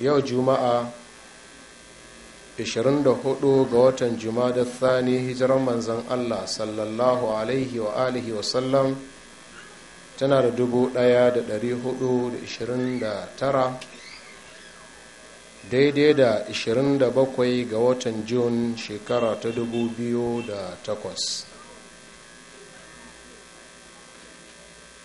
yau juma'a 24 ga watan juma'a thani hijiran manzan allah sallallahu alaihi wa alihi wasallam tana da 1429 daidai da 27 ga watan jun shekara ta 2008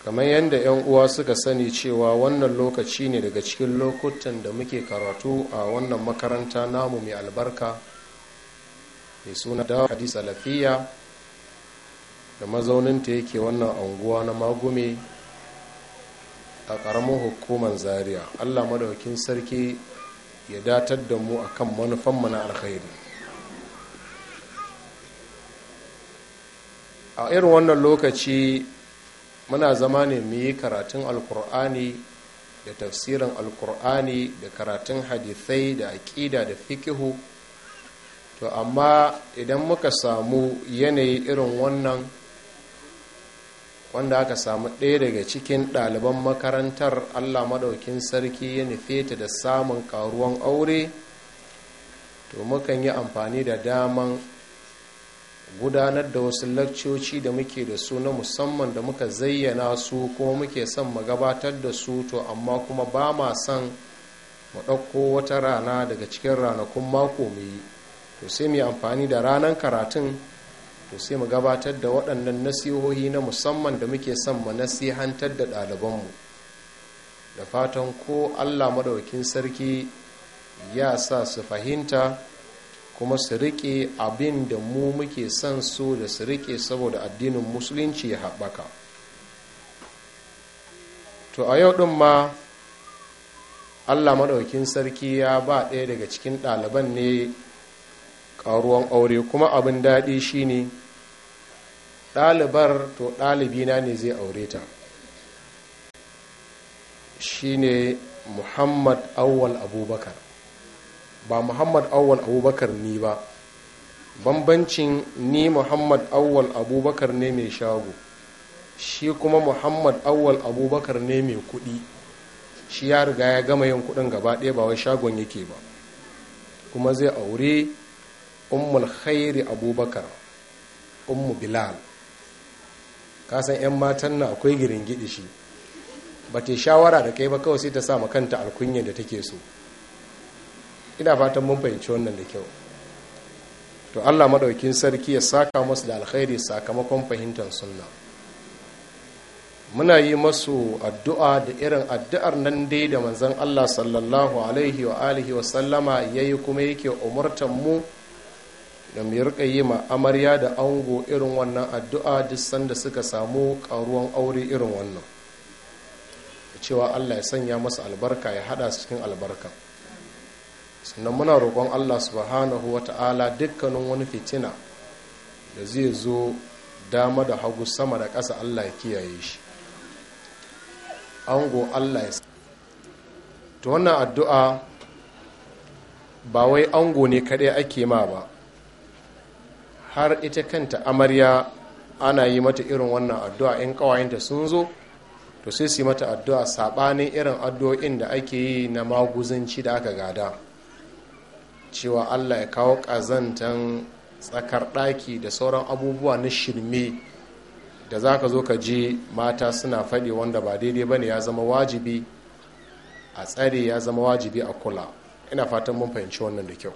kamar yadda 'yan uwa suka sani cewa wannan lokaci ne daga cikin lokutan da muke karatu a wannan makaranta namu mai albarka mai suna da hadis alafiya da mazauninta yake wannan anguwa na magume a ƙaramin hukumar zaria allah madaukin sarki ya datar da mu akan manufanmu na alkhairi a irin wannan lokaci muna zama ne mu yi karatun alkur'ani da tafsirin alkur'ani da karatun hadithai da aƙida da fikihu to amma idan muka samu yanayi irin wannan wanda aka samu ɗaya daga cikin ɗaliban makarantar allah maɗaukin sarki ya nufe ta da samun ƙaruwan aure to mukan yi amfani da daman gudanar da wasu lakcoci da muke da su na musamman da muka zayyana su kuma muke son mu gabatar da su to amma kuma ba ma son mu ɗauko wata rana daga cikin ranakun mako mu yi to sai mu yi amfani da ranar karatun to sai mu gabatar da waɗannan nasihohi na musamman da muke son mu nasihantar da ɗalibanmu da fatan ko allah maɗaukin sarki ya sa su fahimta kuma su riƙe abin da mu muke son so da su riƙe saboda addinin musulunci ya haɓaka to a yau ɗin ma allah maɗaukin sarki ya ba ɗaya daga cikin ɗaliban ne ƙaruwan aure kuma abin daɗi shine ɗalibar to ɗalibina ne zai aure ta shine muhammad awwal abubakar ba muhammad awwal abubakar ni ba bambancin ni muhammad awwal abubakar ne mai shago shi kuma muhammad awwal abubakar ne mai kuɗi shi ya riga ya gama yin kuɗin gaba ɗaya ba wai shagon yake ba kuma zai aure ummul khairi abubakar ummu bilal kasan 'yan matan na akwai giringidi shi ba ta shawara da kai ba kawai sai ta sa kanta alkunyar da take so ina fatan mun fahimci wannan da kyau to allah maɗaukin sarki ya saka masu da alkhairi sakamakon fahimtar sunna muna yi masu addu'a da irin addu'ar nan dai da manzon allah sallallahu alaihi wa alihi wa sallama ya yi kuma yake umartan mu da mu rika yi ma amarya da ango irin wannan addu'a duk sanda suka samu ƙaruwan aure irin wannan cewa allah ya sanya masu albarka ya hada su cikin albarka sannan muna roƙon allah subhanahu wa ta'ala dukkanin wani fitina da zai zo dama da hagu sama da ƙasa allah ya kiyaye shi ango allah ya ta wannan addu'a ba wai ango ne kaɗai ake ma ba har ita kanta amarya ana yi mata irin wannan addu'a in ƙawayenta sun zo to sai su yi mata addu'a saɓanin irin addu'o'in da ake yi na maguzanci da aka gada cewa allah ya kawo ƙazantan tsakar ɗaki da sauran abubuwa na shirme da za ka zo ka je mata suna faɗi wanda ba daidai ba ne ya zama wajibi a tsare ya zama wajibi a kula ina fatan mun fahimci wannan da kyau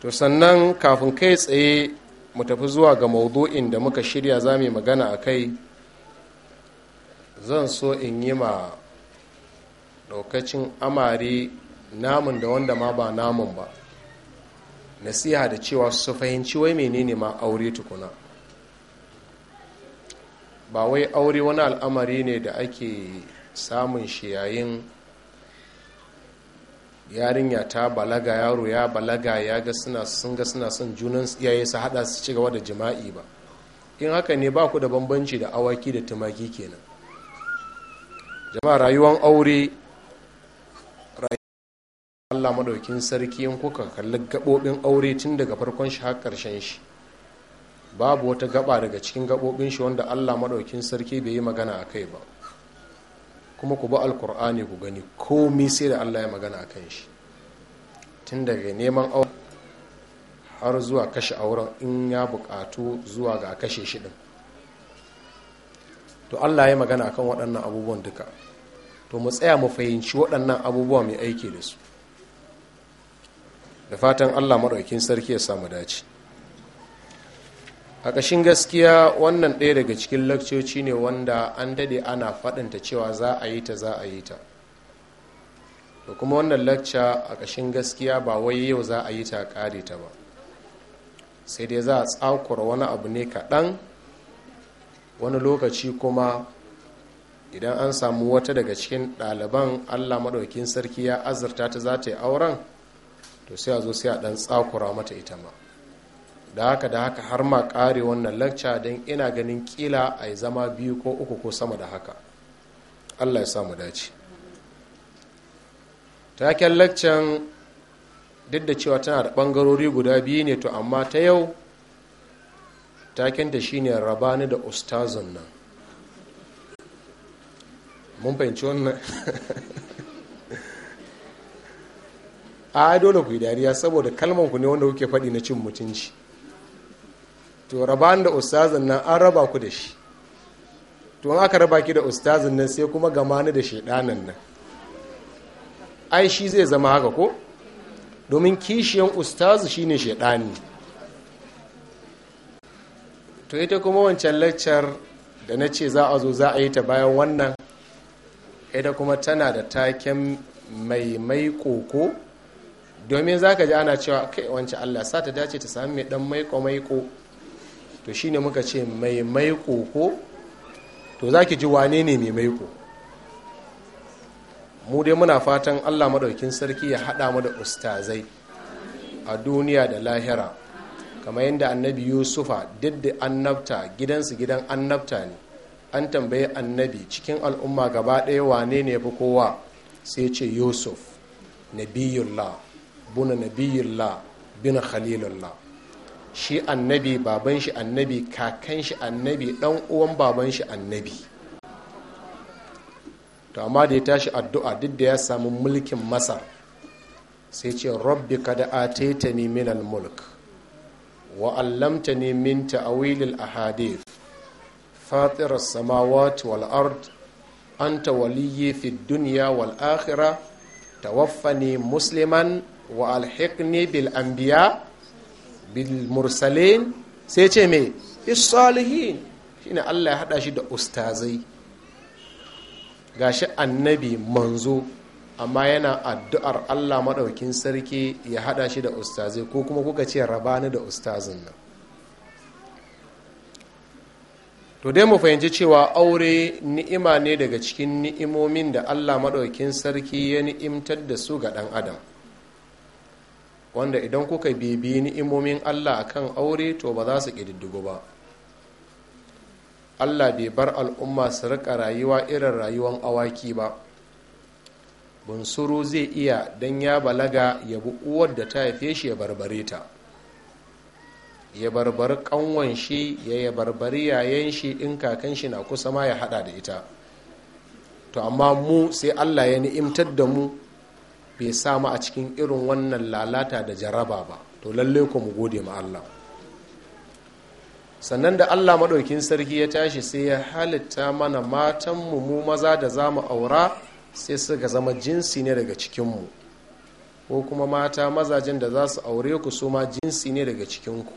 to sannan kafin kai tsaye mu tafi zuwa ga maudu'in da muka shirya za mu yi magana a kai zan so in yi ma ɗaukacin amare namun da wanda ma ba namun ba nasiha da cewa su fahimci wai menene ma aure tukuna ba wai aure wani al'amari ne da ake samun shi yayin yarinya ta balaga yaro ya balaga ya ga suna sun ga suna son junan iyaye su hada su ci gaba da jima'i ba in haka ne ba ku da bambanci da awaki da tumaki kenan jama'a rayuwar aure Allah madaukin sarki in kuka kalli gaɓoɓin aure tun daga farkon shi har ƙarshen shi babu wata gaba daga cikin gaɓoɓin shi wanda Allah madaukin sarki bai yi magana a kai ba kuma ku ba alkur'ani ku gani komi sai da Allah ya magana a kan shi tun daga neman aure har zuwa kashe auren in ya buƙatu zuwa ga kashe shi ɗin to Allah ya magana akan waɗannan abubuwan duka to mu tsaya mu fahimci waɗannan abubuwa mai aiki da su da fatan allah maɗaukin sarki ya samu dace a ƙashin gaskiya wannan ɗaya daga cikin lakcoci ne wanda an daɗe ana faɗinta cewa za a yi ta za a yi ta da kuma wannan lakca a ƙashin gaskiya ba wai yau za a yi ta ƙare ta ba sai dai za a tsakura wani abu ne kaɗan wani lokaci kuma idan an samu wata daga cikin ɗaliban allah maɗaukin sarki ya azurta ta za ta yi auren to sai a zo sai a ɗan tsakura mata ita ma da haka da haka har ma kare wannan lacca don ina ganin ƙila a yi zama biyu ko uku ko sama da haka allah ya samu dace taken laccan duk da cewa tana da bangarori guda biyu ne to amma ta yau taken da shine rabani da ustazun nan mun fahimci wannan a dole ku yi dariya saboda kalman ku ne wanda kuke faɗi na cin mutunci to raban da ustazin nan an raba ku da shi to in aka raba ki da ustazin nan sai kuma gama ni da shaidanan nan ai shi zai zama haka ko domin kishiyan ustazu shine shaidani to ita kuma wancan laccar da na ce za a zo za a yi ta bayan wannan ita kuma tana da taken mai mai koko domin za ka ji ana cewa kai wancan allah sa ta dace ta sami mai dan maiko maiko to shine muka ce mai maiko ko to za ki ji wane ne mai maiko mu dai muna fatan allah maɗaukin sarki ya haɗa mu da ustazai a duniya da lahira kamar yadda annabi yusufa duk da annabta gidansu gidan annabta ne an tambayi annabi cikin al'umma gaba ɗaya wane ne fi kowa sai ce yusuf nabiyullah buna nabiyullah bin khalilullah shi annabi baban shi annabi kakan shi annabi dan uwan baban shi annabi to amma da ya tashi addu'a duk da ya samu mulkin masar sai ce rabbi kada ataitani min mulk wa allamtani min ta'awil al-ahadith fatir samawati wal ard anta waliyyi fid dunya wal akhirah tawaffani musliman wa alhiqni bil anbiya bil mursalin sai ce me bis shi ne Allah ya hada shi da ustazai gashi annabi manzo amma yana addu'ar Allah maɗaukin sarki ya hada shi da ustazai ko kuma kuka ce rabani da ustazin nan to dai mu fahimci cewa aure ni'ima ne daga cikin ni'imomin da Allah maɗaukin sarki ya ni'imtar da su ga ɗan adam wanda idan kuka bibi ni'imomin allah a kan aure to ba za su ƙididdigo ba allah bai bar al'umma su riƙa rayuwa irin rayuwan awaki ba bunsuru zai iya don ya balaga ya bi uwar da ta haife shi ya barbare ta ya barbari kanwan shi ya ya barbari yayan shi in kakan shi na kusa ma ya hada da ita to amma mu sai allah ya ni'imtar da mu bai samu a cikin irin wannan lalata da jaraba ba to lalle ku mu gode ma Allah sannan da Allah maɗaukin sarki ya tashi sai ya halitta mana matanmu mu maza da za mu aura sai suka zama jinsi ne daga cikinmu ko kuma mata mazajen da za su aure ku su ma jinsi ne daga cikin ku.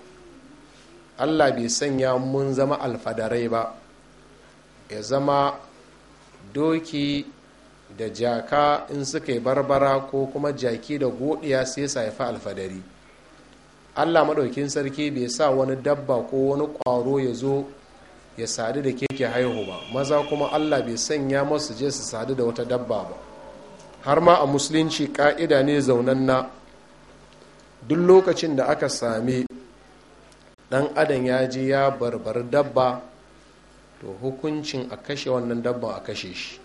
Allah bai sanya mun zama alfadarai ba ya zama doki da jaka in suka yi barbara ko kuma jaki da godiya sai su haifi alfadari allah maɗaukin sarki bai sa wani dabba ko wani ƙwaro ya zo ya sadu da keke haihu ba maza kuma allah bai sanya masu je su sadu da wata dabba ba har ma a musulunci ƙa'ida ne zaunan na duk lokacin da aka sami ɗan adam ya je ya barbar dabba to hukuncin a kashe wannan dabban a kashe shi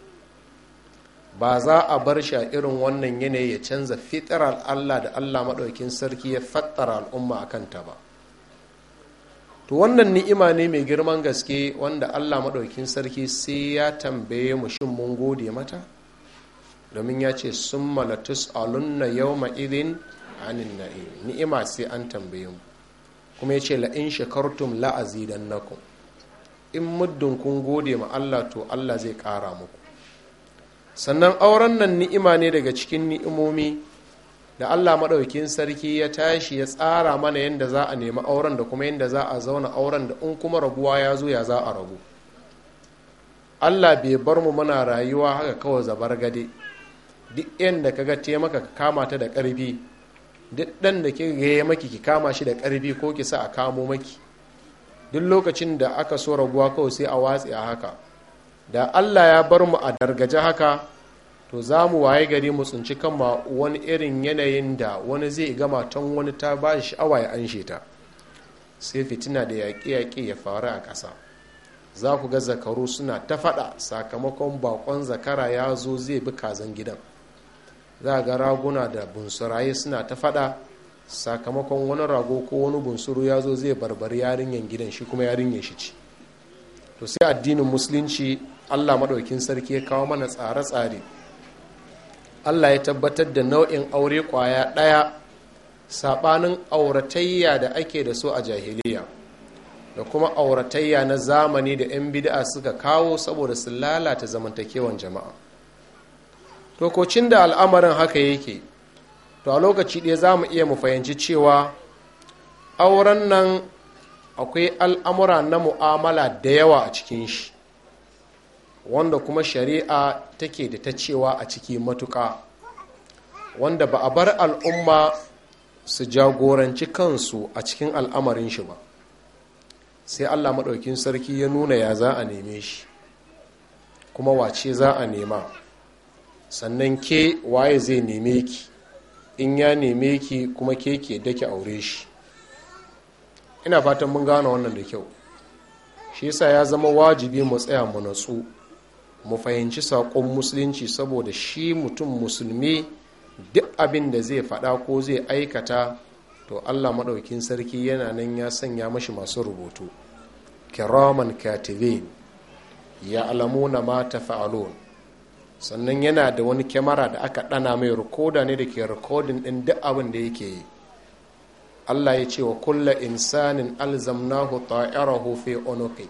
ba za a bar shi a irin wannan yanayi ya canza fitarar allah da allah maɗaukin sarki ya fattara al'umma a kanta ba to wannan ni'ima ne mai girman gaske wanda allah maɗaukin sarki sai ya tambaye mu shin mun gode mata domin ya ce sun malatus alunna yau ma'izin anin na'i ni'ima sai an tambaye mu kuma ya ce la'in shakartum dan naku. in muddin kun gode ma allah to allah zai ƙara muku sannan auren nan ni'ima ne daga cikin ni'imomi da allah maɗaukin sarki ya tashi ya tsara mana yadda za a nemi auren da kuma yadda za a zauna auren da in kuma rabuwa ya zo ya za a rabu allah bai bar mu muna rayuwa haka kawai zabar gade duk yadda kaga taimaka ka kama ta da ƙarfi duk ɗan da ki gaya maki ki kama shi da ƙarfi ko ki sa a kamo maki duk lokacin da aka so rabuwa kawai sai a watsi a haka da allah ya bar mu a dargaje haka to za mu waye gari mu tsinci kama wani irin yanayin da wani zai gama tun wani ta ba shi sha'awa ya an ta sai fitina da yaƙe-yaƙe ya faru a ƙasa za ku ga zakaru suna ta faɗa sakamakon baƙon zakara ya zo zai bi kazan gidan za ga raguna da bunsuraye suna ta faɗa sakamakon wani rago ko wani bunsuru ya zo zai barbari yarinyar gidan shi kuma yarinyar shi ci to sai addinin musulunci allah maɗaukin sarki ya kawo mana tsare-tsare allah ya tabbatar da nau'in aure kwaya ɗaya saɓanin auratayya da ake da su a jahiliya da kuma auratayya na zamani da 'yan bid'a suka kawo saboda su lalata zamantakewan jama'a tokocin da al'amarin haka yake to a lokaci ɗaya za mu iya mu fahimci cewa auren nan akwai al'amura na mu'amala da yawa a cikin shi wanda kuma shari'a take da ta cewa a ciki matuƙa wanda ba a bar al'umma su jagoranci kansu a cikin al'amarin shi ba sai allah maɗaukin sarki ya nuna ya za a neme shi kuma wace za a nema sannan ke waye zai neme ki in ya neme ki kuma ke ke dake aure shi ina fatan mun gane wannan da kyau shi yasa ya zama wajibi mu tsaya mu natsu mu fahimci saƙon musulunci saboda shi mutum musulmi duk abin da zai faɗa ko zai aikata to allah maɗaukin sarki yana nan ya sanya mashi masu rubutu kiraman katibin ya alamuna ma tafa'alun sannan yana da wani kyamara da aka ɗana mai rikoda ne da ke rikodin ɗin duk abin da yake yi allah ya ce wa kulla insanin alzamnahu ta'irahu fi onoki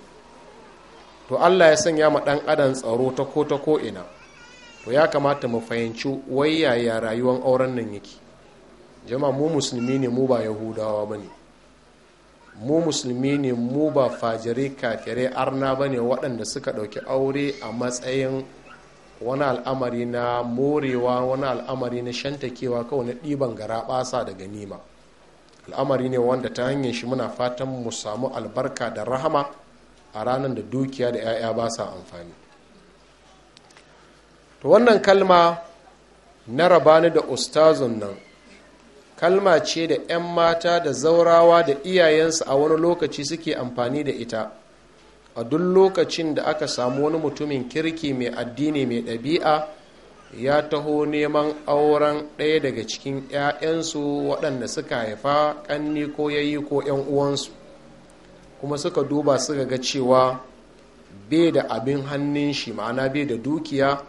to allah ya sanya ma dan adam tsaro ta ko ta ko ina to ya kamata mu fahimci wai yaya rayuwar auren nan yake jama mu musulmi ne mu ba yahudawa ba ne mu musulmi ne mu ba fajiri kafirai arna ba ne waɗanda suka ɗauki aure a matsayin wani al'amari na morewa wani al'amari na shantakewa kawai na ɗiban gara ɓasa da ganima al'amari ne wanda ta hanyar shi muna fatan mu samu albarka da rahama a ranar da dukiya da 'ya'ya ba sa amfani to wannan kalma na rabani da ustazun nan kalma ce da 'yan mata da zaurawa da iyayensu a wani lokaci suke amfani da ita a duk lokacin da aka samu wani mutumin kirki mai addini mai ɗabi'a ya taho neman auren ɗaya daga cikin 'ya'yansu waɗanda suka haifa ƙanni ko yayi ko 'yan uwansu kuma suka duba suka ga cewa bai da abin hannun shi ma'ana bai da dukiya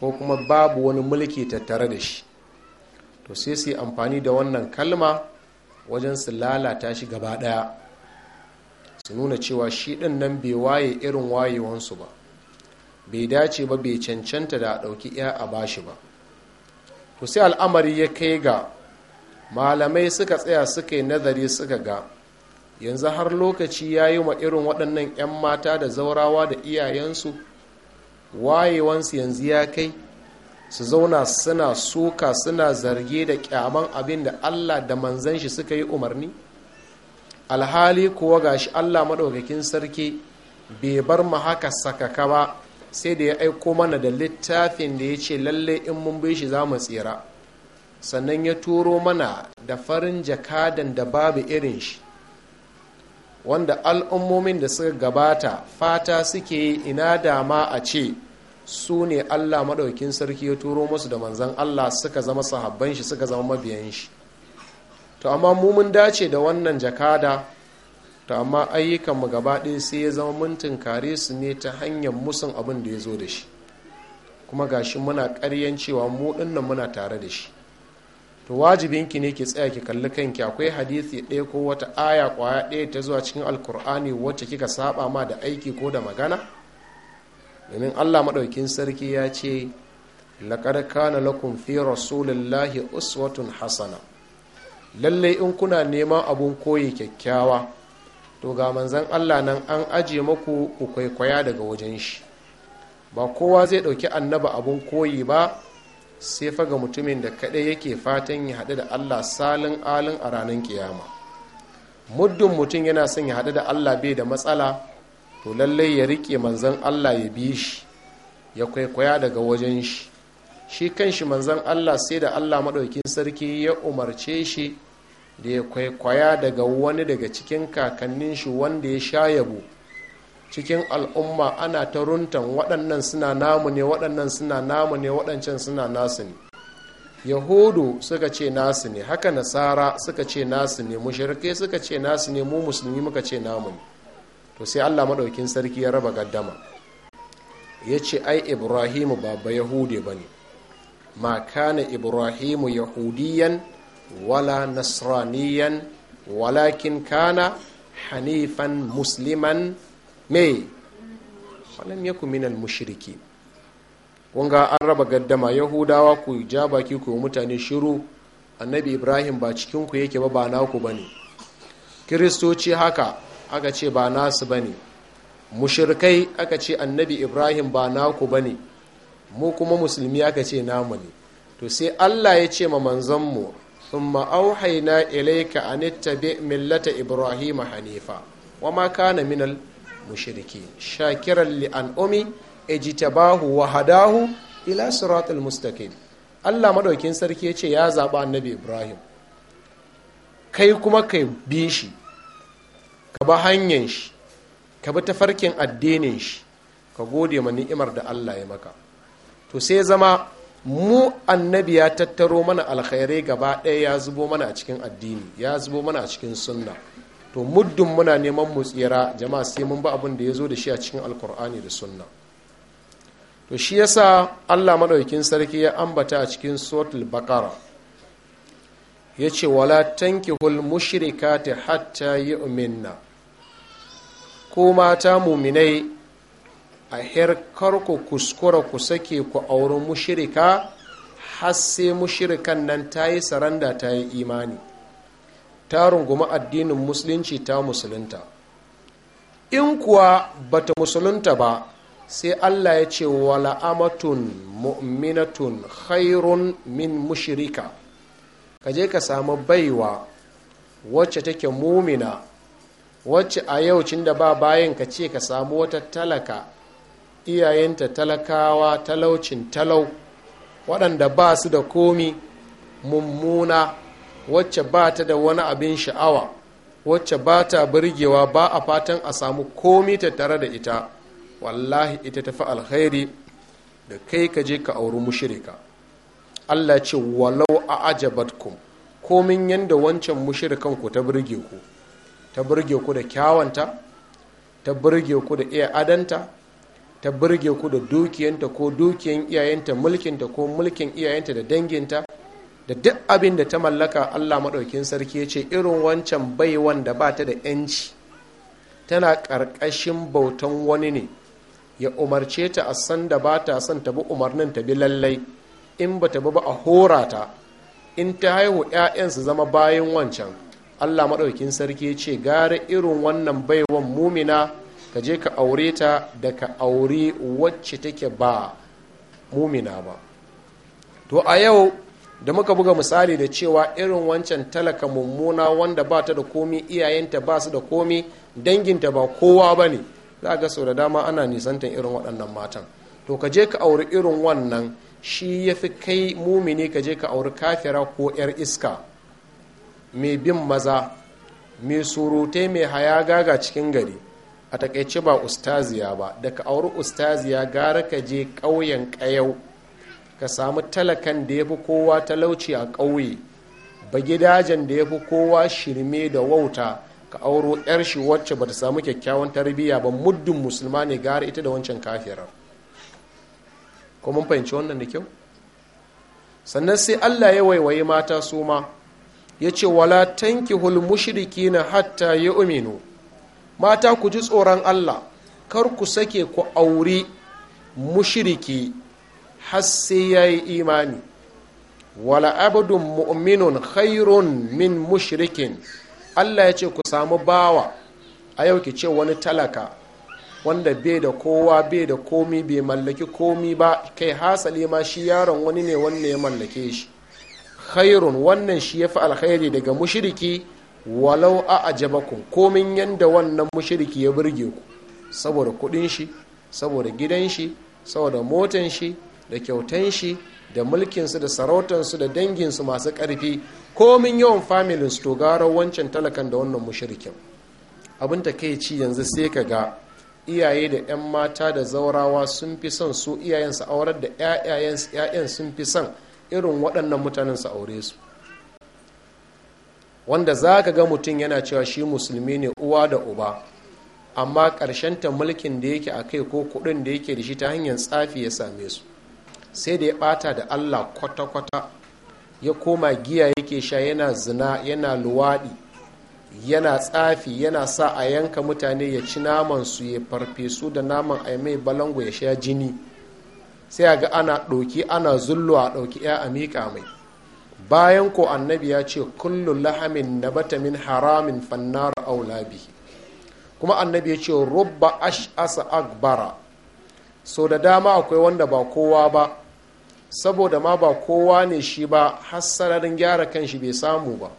ko kuma babu wani mulki tattare da shi to sai su yi amfani da wannan kalma wajen su lalata shi gaba daya su nuna cewa shi ɗin nan bai waye irin wayewansu ba bai dace ba bai cancanta da a ɗauki ya a bashi ba to sai al'amari ya kai ga malamai suka tsaya suka yi nazari suka ga yanzu har lokaci ya yi wa irin waɗannan 'yan mata da zaurawa da iyayensu wayewansu yanzu ya kai su zauna suna suka suna zarge da kyaman abin da allah da manzan shi suka yi umarni alhali kuwa gashi allah maɗaukakin sarki bai bar mu haka sakaka ba sai da ya aiko mana da littafin da ya ce lallai in mun bi shi za mu tsira sannan ya turo mana da farin jakadan da babu irin shi wanda al'ummomin da suka gabata fata suke yi ina dama a ce su ne allah maɗaukin sarki ya turo musu da manzan allah suka zama sahabban shi suka zama mabiyan shi to amma mu mun dace da wannan jakada to amma ayyukanmu gaba ɗaya sai ya zama mun tunkare su ne ta hanyar musun abin da ya zo da shi kuma gashi muna karyan cewa mu ɗinnan muna tare da shi to wajibin ki ne ki tsaya ki kalli kanki akwai hadisi ɗaya ko wata aya kwaya ɗaya ta zuwa cikin alkur'ani wacce kika saba ma da aiki ko da magana domin allah maɗaukin sarki ya ce laƙar kana lakum fi rasulillahi uswatun hasana lallai in kuna neman abun koyi kyakkyawa to ga manzan allah nan an aje maku ku kwaikwaya daga wajen shi ba kowa zai ɗauki annaba abun koyi ba sai ga mutumin da kaɗai yake fatan ya haɗu da allah salin alin a ranar kiyama muddin mutum yana son ya haɗu da allah bai da matsala to lallai ya riƙe manzan allah ya bi shi ya kwaikwaya daga wajen shi shi kan kanshi manzan allah sai da allah maɗaukin sarki ya umarce shi da ya kwaikwaya daga wani daga cikin kakannin shi wanda ya sha yabo cikin al'umma ana ta runtan waɗannan suna namu ne waɗannan suna namu ne waɗancan suna nasu ne yahudu suka ce nasu ne haka nasara suka ce nasu ne mushirkai suka ce nasu ne mu musulmi muka ce namu ne to sai allah maɗaukin sarki ya raba gaddama ya ce ai ibrahimu ba ba yahude ba ne ma kana ibrahimu yahudiyan wala nasraniyan walakin kana hanifan musliman me walam yakun minal mushriki kunga an raba gaddama yahudawa ku ja baki ku mutane shiru annabi ibrahim ba cikin ku yake ba ba ku bane kiristoci haka aka ce ba nasu bane mushrikai aka ce annabi ibrahim ba naku bane mu kuma musulmi aka ce namu ne to sai allah ya ce ma mu thumma auhayna ilayka anittabi millata ibrahim hanifa wa ma kana minal mushriki shakiran li an'umi ijtabahu wa hadahu ila siratul mustaqim Allah madaukin sarki ce ya zaba annabi Ibrahim kai kuma ka bi shi ka ba hanyar shi ka bi tafarkin addinin shi ka gode ma ni'imar da Allah ya maka to sai zama mu annabi ya tattaro mana alkhairai gaba ɗaya ya zubo mana a cikin addini ya zubo mana a cikin sunna to muddin muna neman mu tsira jama'a sai mun ba abin da ya zo da shi a cikin alkur'ani da sunna to shi yasa allah maɗaukin sarki ya ambata a cikin suratul bakara ya ce wala tankihul ta hatta yu'minna ko mata muminai a kar ku kuskura ku sake ku auren mushirika har sai mushirikan nan ta yi saranda ta yi imani ta runguma addinin musulunci ta musulunta in kuwa bata musulunta ba sai allah ya ce wala amatun mu'minatun khairun min mushirika ka je ka samu baiwa wacce take mumina wacce a yau da ba bayan ka ce ka samu wata talaka iyayenta talakawa talaucin talau waɗanda ba su da komi mummuna wacce ba ta da wani abin sha'awa wacce ba ta birgewa ba a fatan a samu komi ta tare da ita wallahi ita tafi alkhairi da kai ka je ka auri mushirika allah ce walau a ajabatkum komin yadda wancan mushirikan ku ta birge ku ta birge ku da kyawanta ta birge ku da iya adanta ta birge ku da dukiyanta ko dukiyan iyayenta mulkinta ko mulkin iyayenta da danginta da duk abin da ta mallaka allah maɗaukin sarki ya ce irin wancan bai wanda ba ta da 'yanci tana ƙarƙashin bautan wani ne ya umarce ta a san da ba ta son ta bi umarnin ta bi lallai in ba ta bi ba a hora ta in ta haihu 'ya'yan su zama bayan wancan allah maɗaukin sarki ya ce gara irin wannan baiwan mumina ka je ka aure ta da ka aure wacce take ba mumina ba to a yau da muka buga misali da cewa irin wancan talaka mummuna wanda ba ta da komi iyayenta ba su da komi danginta ba kowa ba ne za ga sau da dama ana nisantan irin waɗannan matan to ka je ka auri irin wannan shi ya fi kai mumini ka je ka auri kafira ko 'yar iska mai bin maza mai surutai mai haya gaga cikin gari a takaice ba ustaziya ba da ka auri ustaziya gara ka je ƙauyen ƙayau ka samu talakan da ya fi kowa talauci a ƙauye ba gidajen da ya fi kowa shirme da wauta ka auro 'yar shi wacce ba ta samu kyakkyawan tarbiyya ba muddin musulma ne gara ita da wancan kafirar ko mun fahimci wannan da kyau sannan sai allah ya waiwaye mata su ma ya ce wala mushrikina hatta ya uminu mata ku ji tsoron allah kar ku sake ku auri mushriki har sai ya yi imani wala abdun mu'minun khairun min mushrikin allah ya ce ku samu bawa a yau ki ce wani talaka wanda bai da kowa bai da komi bai mallaki komi ba kai hasali ma shi yaron wani ne wanda ya mallake shi khairun wannan shi ya fi alkhairi daga mushiriki walau a ku komin yanda wannan mushiriki ya burge ku saboda kudin shi saboda gidan shi saboda motan shi da kyautan shi da mulkinsu da sarautansu da danginsu masu ƙarfi komin yawan familin su togaro wancan talakan da wannan mushirikin abin ta kai ci yanzu sai ka ga iyaye da 'yan mata da zaurawa sun fi son su iyayensu aurar da 'ya'yan sun fi son irin waɗannan mutanen su aure su wanda za ka ga mutum yana cewa shi musulmi ne uwa da uba amma ƙarshenta mulkin da yake a kai ko kuɗin da yake da shi ta hanyar tsafi ya same su sai da ya bata da allah kwata-kwata ya koma giya yake sha yana zina yana luwaɗi yana tsafi yana sa a yanka mutane ya ci naman su ya farfesu da naman a mai balango ya sha jini sai ga ana ɗauki ana zullo a ɗauki ya a miƙa mai bayan ko annabi ya ce kullum lahamin na batamin haramin fannar aulabi kuma annabi ya ce rubba asa agbara. sau da dama akwai wanda ba kowa ba saboda ma ba kowa ne shi ba hassararin gyara kan shi bai samu ba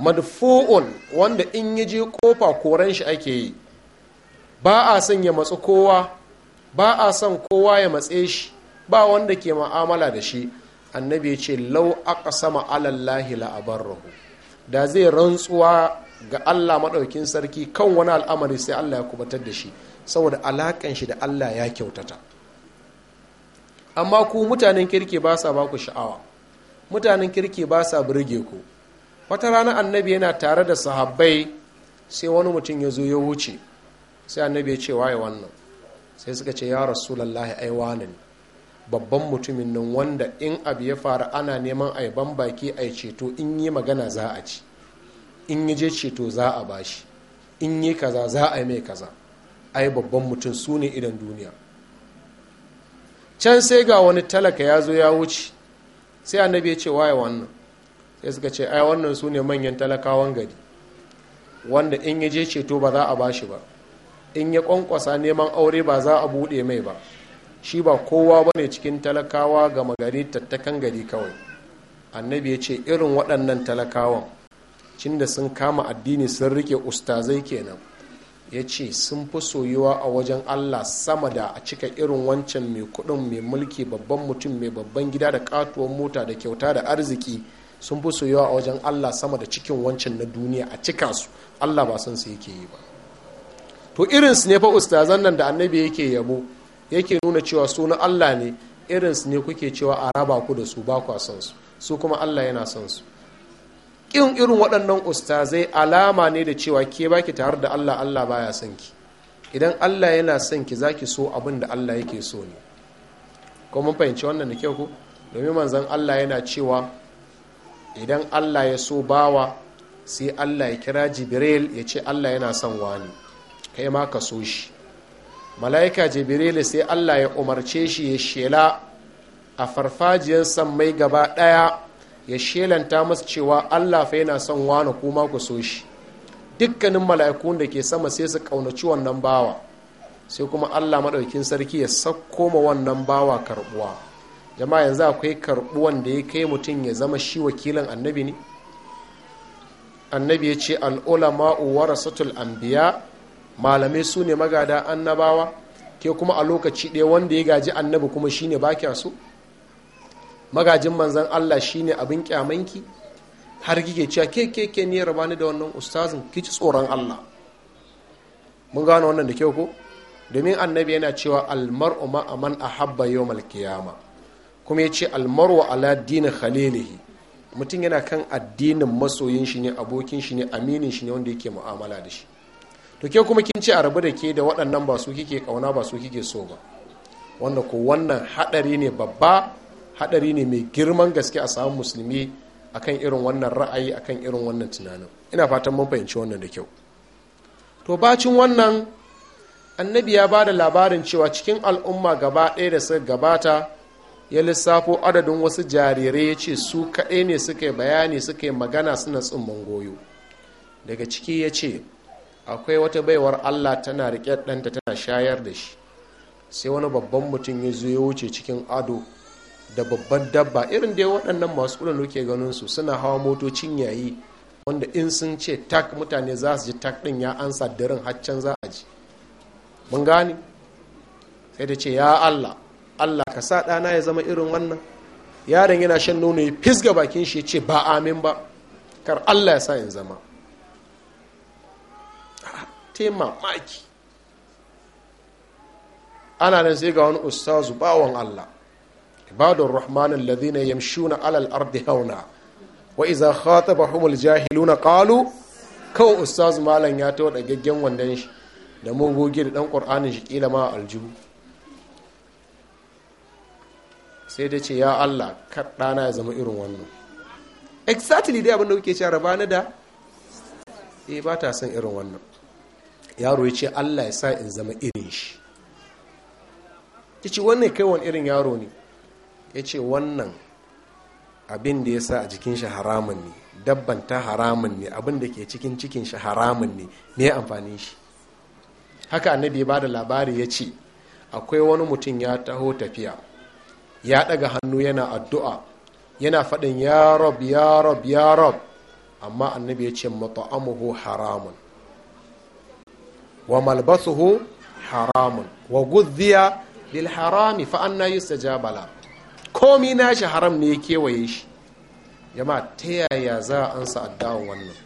madfu'un wanda in yi je kofa koren shi ake yi ba a son ya matsi kowa ba a son kowa ya matse shi ba wanda ke ma'amala da shi annabi ya ce lau aka sama alallahi la'abarrahu da zai rantsuwa ga allah maɗaukin sarki kan wani al'amari sai allah ya kubatar da shi saboda alaƙan shi da allah ya kyautata amma ku mutanen kirki ba sa ba sha'awa mutanen kirki ba sa burge ku wata rana annabi yana tare da sahabbai sai wani mutum ya zo ya wuce sai annabi ya ce waye wannan sai suka ce ya rasu lallahi ai wani babban mutumin nan wanda in abu ya faru ana neman a yi baki a yi ceto in yi magana za a ci in yi je ceto za a bashi in yi kaza za a yi mai kaza ai babban mutum su ne idan duniya can sai ga wani talaka ya zo ya wuce sai annabi ya ce waye wannan sai suka ce ai wannan su ne manyan talakawan gari wanda in ya je ceto ba za a ba shi ba in ya kwankwasa neman aure ba za a buɗe mai ba shi ba kowa ba ne cikin talakawa ga magari tattakan gari kawai annabi ya ce irin waɗannan talakawan cinda sun kama addini sun rike ustazai kenan ya ce sun fi soyuwa a wajen allah sama da a cika irin wancan mai kudin mai mulki babban mutum mai babban gida da katuwar mota da kyauta da arziki sun fi soyuwa a wajen allah sama da cikin wancan na duniya a cika su allah ba son su yake yi ba to irinsu ne fa ustazan nan da annabi yake yabo yake nuna cewa suna allah ne irinsu ne kuke cewa a raba ku da su ba kwa son su su kuma allah yana son su ƙin irin waɗannan ustazai alama ne da cewa ke baki tare da Allah Allah baya son ki idan Allah yana son ki zaki so abin da Allah yake so ne kuma fahimci wannan da kyau ku domin manzon Allah yana cewa idan Allah ya so bawa sai Allah ya kira Jibril ya ce Allah yana son wani kai ma ka so shi mala'ika Jibril sai Allah ya umarce shi ya shela a farfajiyar sammai gaba ɗaya ya shelanta masu cewa allah fa yana son wani kuma ku so shi dukkanin mala'ikun da ke sama sai su kaunaci wannan bawa sai kuma allah maɗaukin sarki ya sakko ma wannan bawa karbuwa jama'a yanzu akwai karbuwan da ya kai mutum ya zama shi wakilin annabi ne annabi ya ce al'ulama warasatul anbiya malamai su ne magada annabawa ke kuma a lokaci ɗaya wanda ya gaji annabi kuma shine ba kya so magajin manzan Allah shine abin kyamanki har kike cewa ke ke ke ne rabani da wannan ustazin kici tsoron Allah mun gano wannan da kyau ko domin annabi yana cewa almar'u ma aman ahabba yawmal qiyama kuma yace almar'u ala dini khalilihi mutum yana kan addinin masoyin shi ne abokin shi ne aminin shi ne wanda yake mu'amala da shi to ke kuma kin ce a rabu da ke da waɗannan ba su kike kauna ba su kike so ba wanda ko wannan haɗari ne babba hadari ne mai girman gaske a samun musulmi akan irin wannan ra'ayi akan irin wannan tunanin ina fatan mun fahimci wannan da kyau to bacin wannan annabi ya ba da labarin cewa cikin al'umma gaba ɗaya da suka gabata ya lissafo adadin wasu jarirai ya ce su kaɗai ne suka yi bayani suka yi magana suna tsumman goyo daga ciki ya ce akwai wata baiwar allah tana riƙe ɗanta tana shayar da shi sai wani babban mutum ya zo ya wuce cikin ado da babban dabba irin dai waɗannan masu kula da ke ganin su suna hawa motocin yayi wanda in sun ce tak mutane za su ji tak ɗin ya ansa darin haccan za a ji mun gane sai ta ce ya allah allah ka sa ɗana ya zama irin wannan yaron yana shan nono ya fisga bakin shi ya ce ba amin ba kar allah ya sa in zama mamaki ana nan sai ga wani ustazu bawan allah ibadur rahman yamshu na alal ardi hauna wa idza jahilu na qalu kawai ustaz malam ya tawo da gaggen wandan shi da mugogi da dan qur'anin shi kila ma aljihu sai dai ce ya Allah kar ɗana ya zama irin wannan exactly dai abinda kuke cewa rabana da eh ba ta son irin wannan yaro ya ce Allah ya sa in zama irin shi ta ce wannan kai wani irin yaro ne ya ce wannan abin da ya sa a jikin shi haramun ne dabban ta haramun ne abin da ke cikin cikin shi haramun ne me amfani shi haka annabi ya bada labari ya ce akwai wani mutum ya taho tafiya ya daga hannu yana addu'a yana faɗin ya rob ya rob ya rob amma annabi ya ce mata'amuhu haramun wa malbasuhu haramun wa guzziya lil harami fa anna yustajabala komi nashi haram ne ya kewaye shi Yama ta yaya za a ansa addawan wannan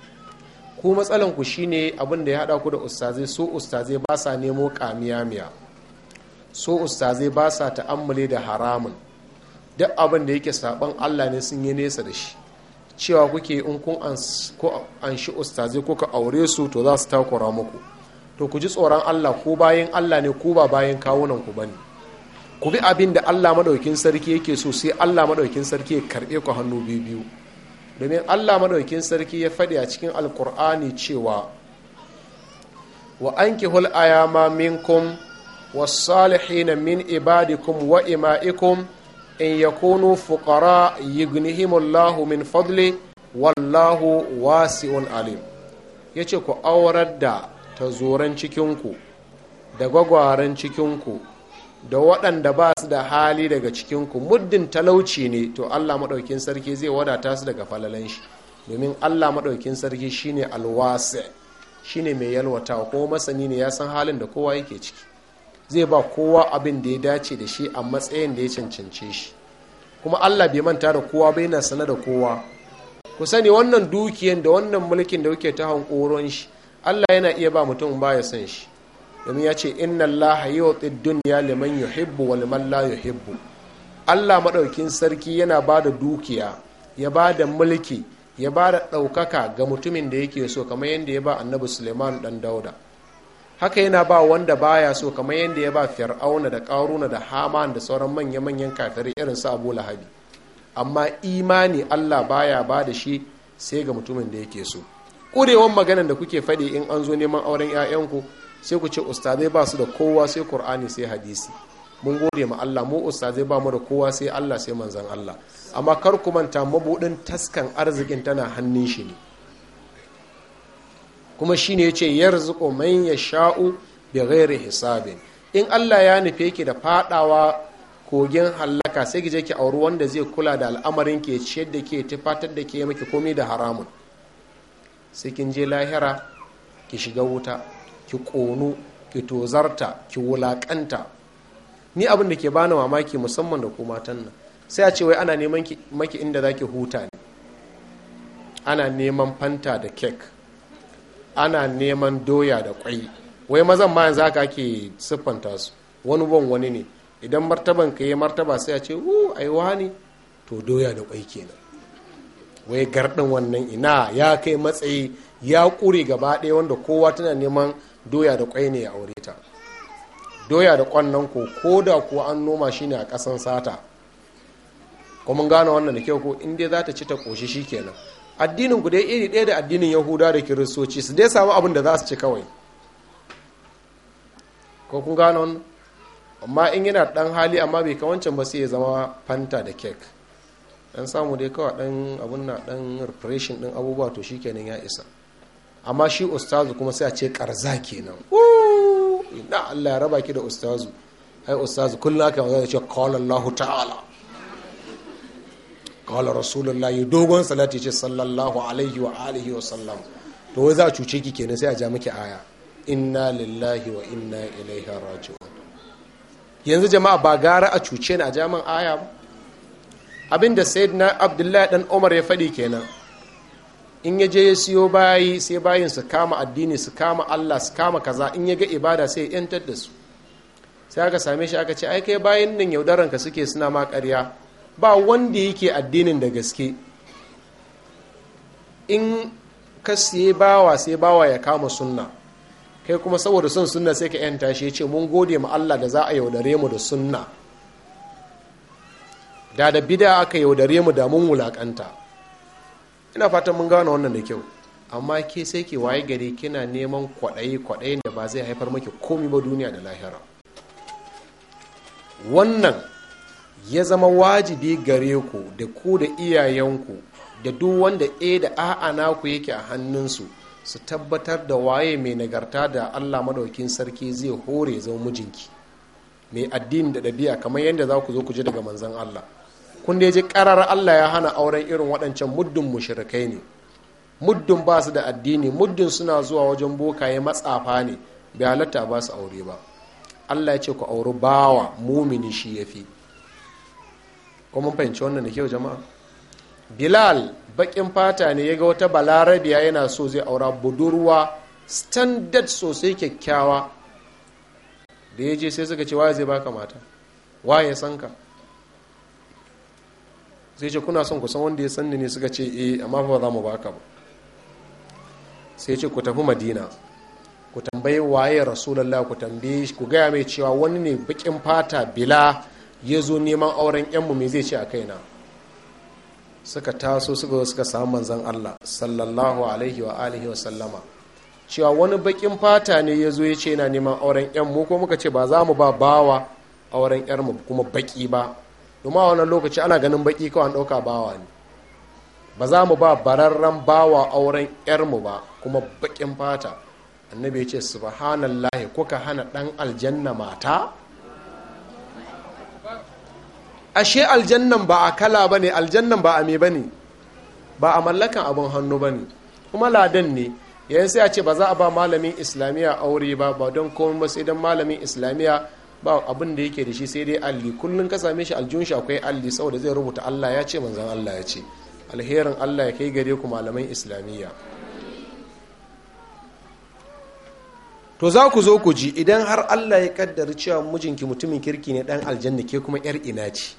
ku matsalan ku shine abin da ya hada ku da ustazai so ustazai ba sa nemo kamiya miya so ustazai ba sa ta'ammule da haramun duk abinda da yake saban Allah ne sun yi nesa da shi cewa kuke in kun an shi ustazai kuka aure su to za su takura muku to ku ji tsoron Allah ko bayan Allah ne ko ba bayan kawunan ku bane ku bi abin da Allah madaukin sarki yake so sai Allah madaukin sarki ya karbe ku hannu biyu biyu domin Allah madaukin sarki ya faɗi a cikin alkur'ani cewa wa hul ayama minkum والصالحين من عبادكم وإمائكم إن يكونوا فقراء يغنيهم min من wallahu والله واسع عليم yace ku aurar da tazoran cikinku da gwagwaran cikinku da waɗanda ba su da hali daga cikinku muddin talauci ne to allah maɗaukin sarki zai wadata su daga falalan shi domin allah maɗaukin sarki shine alwase shine mai yalwata ko masani ne ya san halin da kowa yake ciki zai ba kowa abin da ya dace da shi a matsayin da ya cancance shi kuma allah bai manta da kowa bai na sana da kowa ku sani wannan dukiyan da wannan mulkin da kuke ta hankoron shi allah yana iya ba mutum ba ya san shi domin ya ce inna Allah yuti dunya liman yuhibbu wa liman la yuhibbu Allah maɗaukin sarki yana ba da dukiya ya ba da mulki ya ba da ɗaukaka ga mutumin da yake so kamar yadda ya ba annabi suleiman dan dauda haka yana ba wanda baya so kamar yadda ya ba fir'auna da ƙaruna da haman da sauran manya-manyan kafirai irin su abu lahabi amma imani allah baya ba da shi sai ga mutumin da yake so ƙurewan maganan da kuke faɗi in an zo neman auren 'ya'yanku sai ku ce ustazai ba su da kowa sai qur'ani sai hadisi mun gode ma Allah mu ustazai ba mu da kowa sai Allah sai manzan Allah amma kar ku manta mabudin taskan arzikin tana hannun shi ne kuma shine yace yarzuqu man yasha'u bighairi hisabin in Allah ya nufe ki da fadawa kogin hallaka sai ki je ki auri wanda zai kula da al'amarin ki ciyar da ke fatar da ke miki komai da haramun sai kin je lahira ki shiga wuta ki ƙonu ki tozarta ki wulaƙanta ni abin da ke bani mamaki musamman da ku matan nan sai a ce wai ana neman maki inda za ki huta ne ana neman fanta da kek ana neman doya da kwai wai mazan ma yanzu haka ake siffanta su wani ban wani ne idan martaban ka yi martaba sai a ce wu ai wani to doya da kwai kenan wai garɗin wannan ina ya kai matsayi ya ƙure gaba ɗaya wanda kowa tana neman doya da kwai ne ya aure ta doya da kwannan ko ko da kuwa an noma shi ne a ƙasan sata ko mun gane wannan da kyau ko in dai za ta ci ta ƙoshi shi kenan addinin ku dai iri ɗaya da addinin yahuda da kiristoci su dai samu abin da za su ci kawai ko kun gane wannan amma in yana ɗan hali amma bai wancan ba sai ya zama fanta da kek dan samu dai kawai ɗan abun na ɗan refreshing ɗin abubuwa to shi kenan ya isa amma shi ustazu kuma sai a ce karza kenan na Allah ya raba ki da ustazu ai ustazu kullum aka magana ce qala Allahu ta'ala qala yi dogon salati ce sallallahu alaihi wa alihi wa sallam to wai za a cuce ki kenan sai a ja miki aya inna lillahi wa inna ilaihi raji'un yanzu jama'a ba gara a cuce ni a jamin aya ba abinda sayyidina abdullahi dan umar ya faɗi kenan in ya je ya siyo bayi sai bayin su kama addini su kama Allah su kama kaza in ya ga ibada sai ya yantar da su sai aka same shi aka ce ai kai bayin nan yaudaran ka suke suna ma ƙarya ba wanda yake addinin da gaske in ka siye bawa sai bawa ya kama sunna kai kuma saboda son sunna sai ka yanta shi ya ce mun gode ma Allah da za a yaudare mu da sunna da da bida aka yaudare mu da mun wulakanta ina fatan mun gane wannan da kyau amma ke sai ke waye gari kina neman kwaɗayi kwaɗayin da ba zai haifar maki komi ba duniya da lahira wannan ya zama wajibi gare ku da ku da iyayenku da duk wanda a da a'a naku yake a hannunsu su tabbatar da waye mai nagarta da allah madaukin sarki zai hore zama mijinki mai addini da ɗabi'a kamar yadda za ku zo ku je daga manzon allah kun da ya ji karar Allah ya hana auren irin waɗancan muddin mushrikai ne muddin ba su da addini muddin suna zuwa wajen bokaye matsafa ne bai halatta ba su aure ba Allah ya ce ku auri bawa mumini shi ya fi kuma fahimci wannan da kyau jama'a bilal bakin fata ne ya ga wata balarabiya yana so zai aura budurwa standard sosai kyakkyawa da ya je sai suka ce waye zai baka mata waye sanka ka sai ce kuna son ku san wanda ya san ne suka ce eh amma ba za mu baka ba sai ce ku tafi madina ku tambayi waye rasulullah ku tambaye ku gaya mai cewa wani ne bikin fata bila ya zo neman auren yanmu mai zai ce a kaina suka taso suka zo suka samu manzan Allah sallallahu alaihi wa alihi wa sallama cewa wani bakin fata ne ya zo ya ce yana neman auren yanmu ko muka ce ba za mu ba bawa auren yarmu kuma baki ba domin a wannan lokaci ana ganin baki kawai an ɗauka bawa ne ba za mu ba bararren bawa auren yarmu ba kuma bakin fata annabi ya ce subhanallahi kuka hana ɗan aljanna mata ashe aljannan ba a kala ba ne aljannan ba a me ba ne ba a mallakan abin hannu ba ne kuma ladan ne yayin sai a ce ba za a ba malamin islamiyya aure ba ba don komai ba sai don malamin islamiyya ba abin da yake da shi sai dai alli kullum ka same shi aljihun shi akwai alli saboda zai rubuta Allah ya ce manzon Allah ya ce alherin Allah ya kai gare ku malaman islamiyya to za ku zo ku ji idan har Allah ya kaddara cewa mijinki mutumin kirki ne dan aljanna ke kuma yar ina ce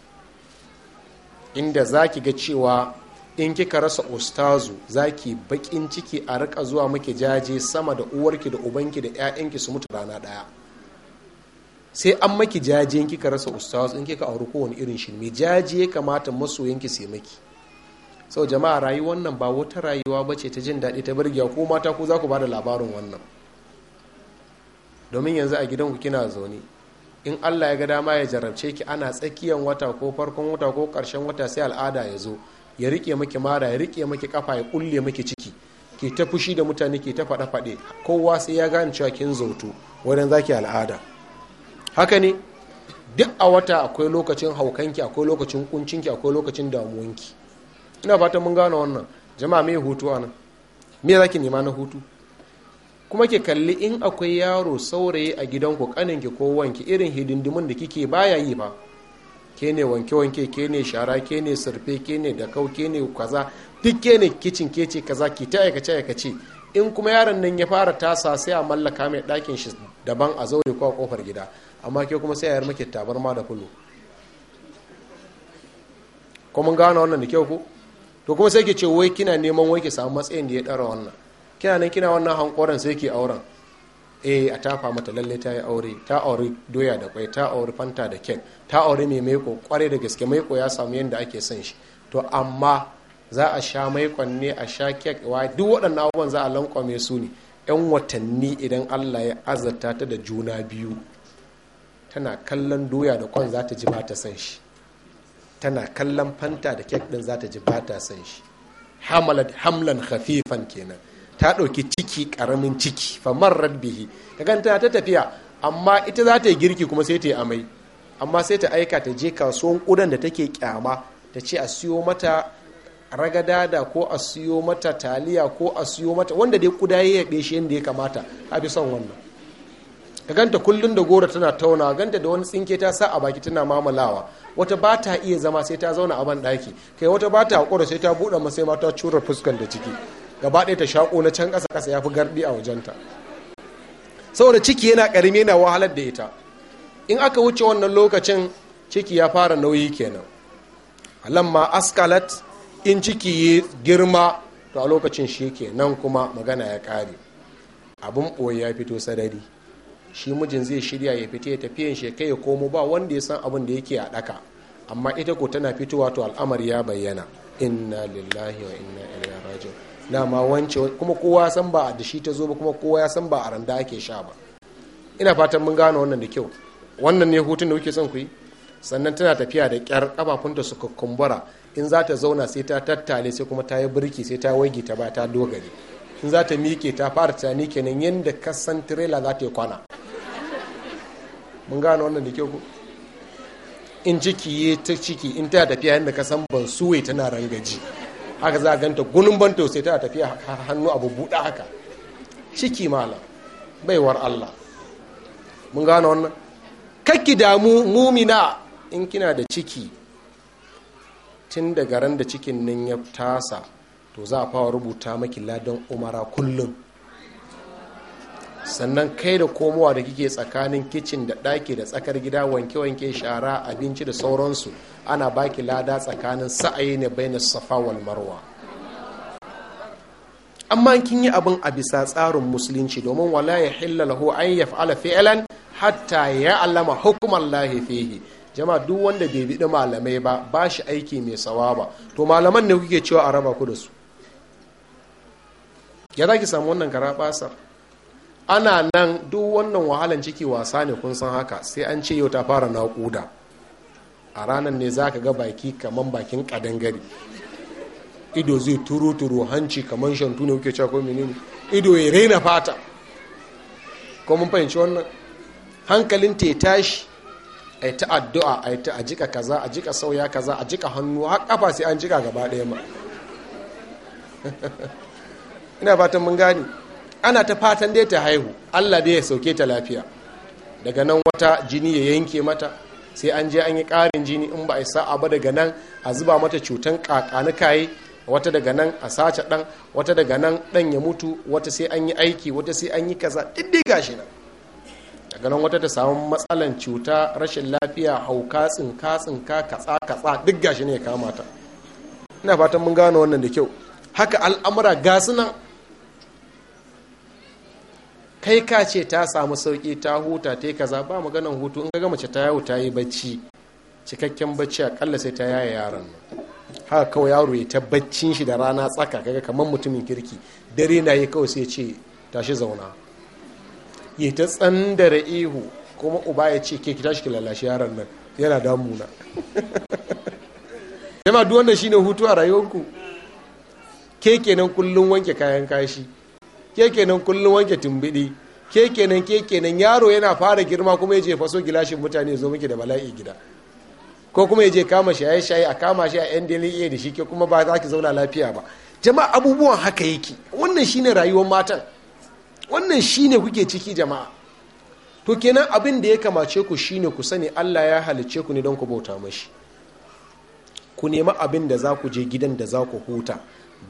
inda za ki ga cewa in kika rasa ustazu za ki bakin ciki a rika zuwa muke jaje sama da uwarki da ubanki da 'ya'yanki su mutu rana ɗaya sai an maki jajiyan kika rasa ustaz in kika auri kowane irin shi mai jajiye kamata masoyin ki sai maki sau jama'a rayuwar nan ba wata rayuwa ba ce ta jin daɗi ta birgiya ko mata ko za ku ba da labarin wannan domin yanzu a gidan ku kina zaune in allah ya ga dama ya jarabce ki ana tsakiyan wata ko farkon wata ko karshen wata sai al'ada ya zo ya rike maki mara ya rike maki kafa ya kulle maki ciki ke ta fushi da mutane ke ta faɗe-faɗe kowa sai ya gane cewa kin zautu wajen zaki al'ada haka ne duk a wata akwai lokacin haukanki akwai lokacin kuncinki akwai lokacin damuwanki ina fatan mun gane wannan jama'a mai hutu anan me zaki nema na hutu kuma ke kalli in akwai yaro saurayi a gidanku kaninki ko wanki irin hidindimin da kike baya yi ba ke ne wanke-wanke ke ne shara ke ne surfe ke ne da kau ke ne kaza duk ke ne kicin ke ce kaza ki ta aikace aikace in kuma yaron nan ya fara tasa sai a mallaka mai ɗakin shi daban a zaure ko a kofar gida amma ke kuma sai a yar maki tabarma da fulo ko mun gane wannan da kyau ko to kuma sai ke ce wai kina neman wai ke samu matsayin da ya dara wannan kina nan kina wannan hankoran sai ki auren eh a tafa mata lalle ta yi aure ta aure doya da kwai ta aure fanta da kek ta aure mai maiko kware da gaske maiko ya samu yadda ake son shi to amma za a sha maikon ne a sha kek wa duk waɗannan abubuwan za a lankwame su ne yan watanni idan allah ya azarta ta da juna biyu tana kallon doya da kwan za ta ji ba ta san shi tana kallon fanta da kek din za ta ji ba ta san shi hamalat hamlan khafifan kenan ta ɗauki ciki ƙaramin ciki famar radbihi ka ganta ta tafiya amma ita za ta yi girki kuma sai ta yi amai amma sai ta aika ta je kasuwan ƙudan da take kyama ta ce a siyo mata ragadada ko a siyo mata taliya ko a siyo mata wanda dai ƙuda ya yaɓe shi yadda ya kamata a fi son wannan ka ganta kullum da goro tana tauna ganta da wani tsinke ta sa a baki tana mamalawa wata ba ta iya zama sai ta zauna a ban daki kai wata ba ta haƙura sai ta buɗe masa sai ma ta cura fuskan da ciki gaba ɗaya ta shako na can ƙasa ƙasa ya fi garɗi a wajenta saboda ciki yana ƙarami yana wahalar da ita in aka wuce wannan lokacin ciki ya fara nauyi kenan ma askalat in ciki ya girma to a lokacin shi kenan kuma magana ya ƙare abin ɓoye ya fito sarari shi mijin zai shirya ya fita ya tafiyan shi kai ya komo ba wanda ya san abin da yake a daka amma ita ko tana fitowa to al'amar ya bayyana inna lillahi wa inna ilaihi raji'un dama wance kuma kowa san ba da shi ta zo ba kuma kowa ya san ba a randa ake sha ba ina fatan mun gane wannan da kyau wannan ne hutun da kuke son ku yi sannan tana tafiya da kyar kafafunta su kumbura in za ta zauna sai ta tattale sai kuma ta yi birki sai ta wage ta ba ta dogare in za ta miƙe ta fara tunani kenan yadda kasan tirela za ta yi kwana mun gane wannan da kyau ku in ciki yi ta ciki in ta tafiya yadda ka san ban suwe tana rangaji haka za a ganta gunun ban tausayi ta tafiya hannu abu buɗa haka ciki malam baiwar Allah mun gane wannan kakki damu mumina in kina da ciki tun daga ran da cikin nan ya tasa to za a fara rubuta maki ladan umara kullum sannan kai da komowa da kike tsakanin kicin da ɗaki da tsakar gida wanke-wanke shara abinci da sauransu ana baki lada tsakanin sa'ayi ne bai na safa wal amma kin yi abin a bisa tsarin musulunci domin wala ya hilla lahu an ya fa'ala fi'lan hatta ya allama hukumar lahi fihi jama'a duk wanda bai biɗi malamai ba ba shi aiki mai sawaba to malaman ne kuke cewa a raba ku da su ya za ki samu wannan karaɓasar ana nan duk wannan wahalan ciki wasa ne kun san haka sai an ce yau ta fara naƙuda a ranar ne za ka ga baki kaman bakin ƙadangare ido zai turu-turu hanci kaman shantu ne kuke cewa ko menene ido ya raina fata ko mun fahimci wannan hankalin ta tashi a ta addu'a a ta a jika kaza a jika sauya kaza a jika hannu har kafa sai an jika gaba ɗaya ma ina fatan mun gane ana ta fatan dai ta haihu allah dai ya sauke ta lafiya daga nan wata jini ya yanke mata sai an je an yi ƙarin jini in ba a sa'a ba daga nan a zuba mata cutan kakanikaye wata daga nan a sace dan wata daga nan dan ya mutu wata sai an yi aiki wata sai an yi kaza diddi gashi nan daga nan wata ta samu matsalan cuta rashin lafiya hauka tsinka tsinka katsa katsa duk gashi ne ya kama ta ina fatan mun gane wannan da kyau haka al'amura gasu nan kai ka ce ta samu sauki ta huta ta yi kaza ba maganan hutu in ga mace ta yi ta yi bacci cikakken bacci a kalla sai ta yaya yaron haka kawai yaro ya ta baccin shi da rana tsaka kaga kamar mutumin kirki dare na yi kawai sai ce tashi zauna ya ta tsandara ihu kuma uba ya ce ke ki tashi ki lalashi yaron nan yana damuna yana duk wannan shine hutu a rayuwarku ke kenan kullum wanke kayan kashi Kekenan kullum wanke tumbiɗi kekenan kekenan yaro yana fara girma kuma ya je faso gilashin mutane zo muke da bala'i gida ko kuma ya je kama shaye shaye a kama shi a yan iya da shi ke kuma ba za ki zauna lafiya ba jama'a abubuwan haka yake wannan shine rayuwar matan wannan shine kuke ciki jama'a to kenan abin da ya kamace ku shine ku sani Allah ya halicce ku ne don ku bauta mashi ku nemi abin da za ku je gidan da za ku huta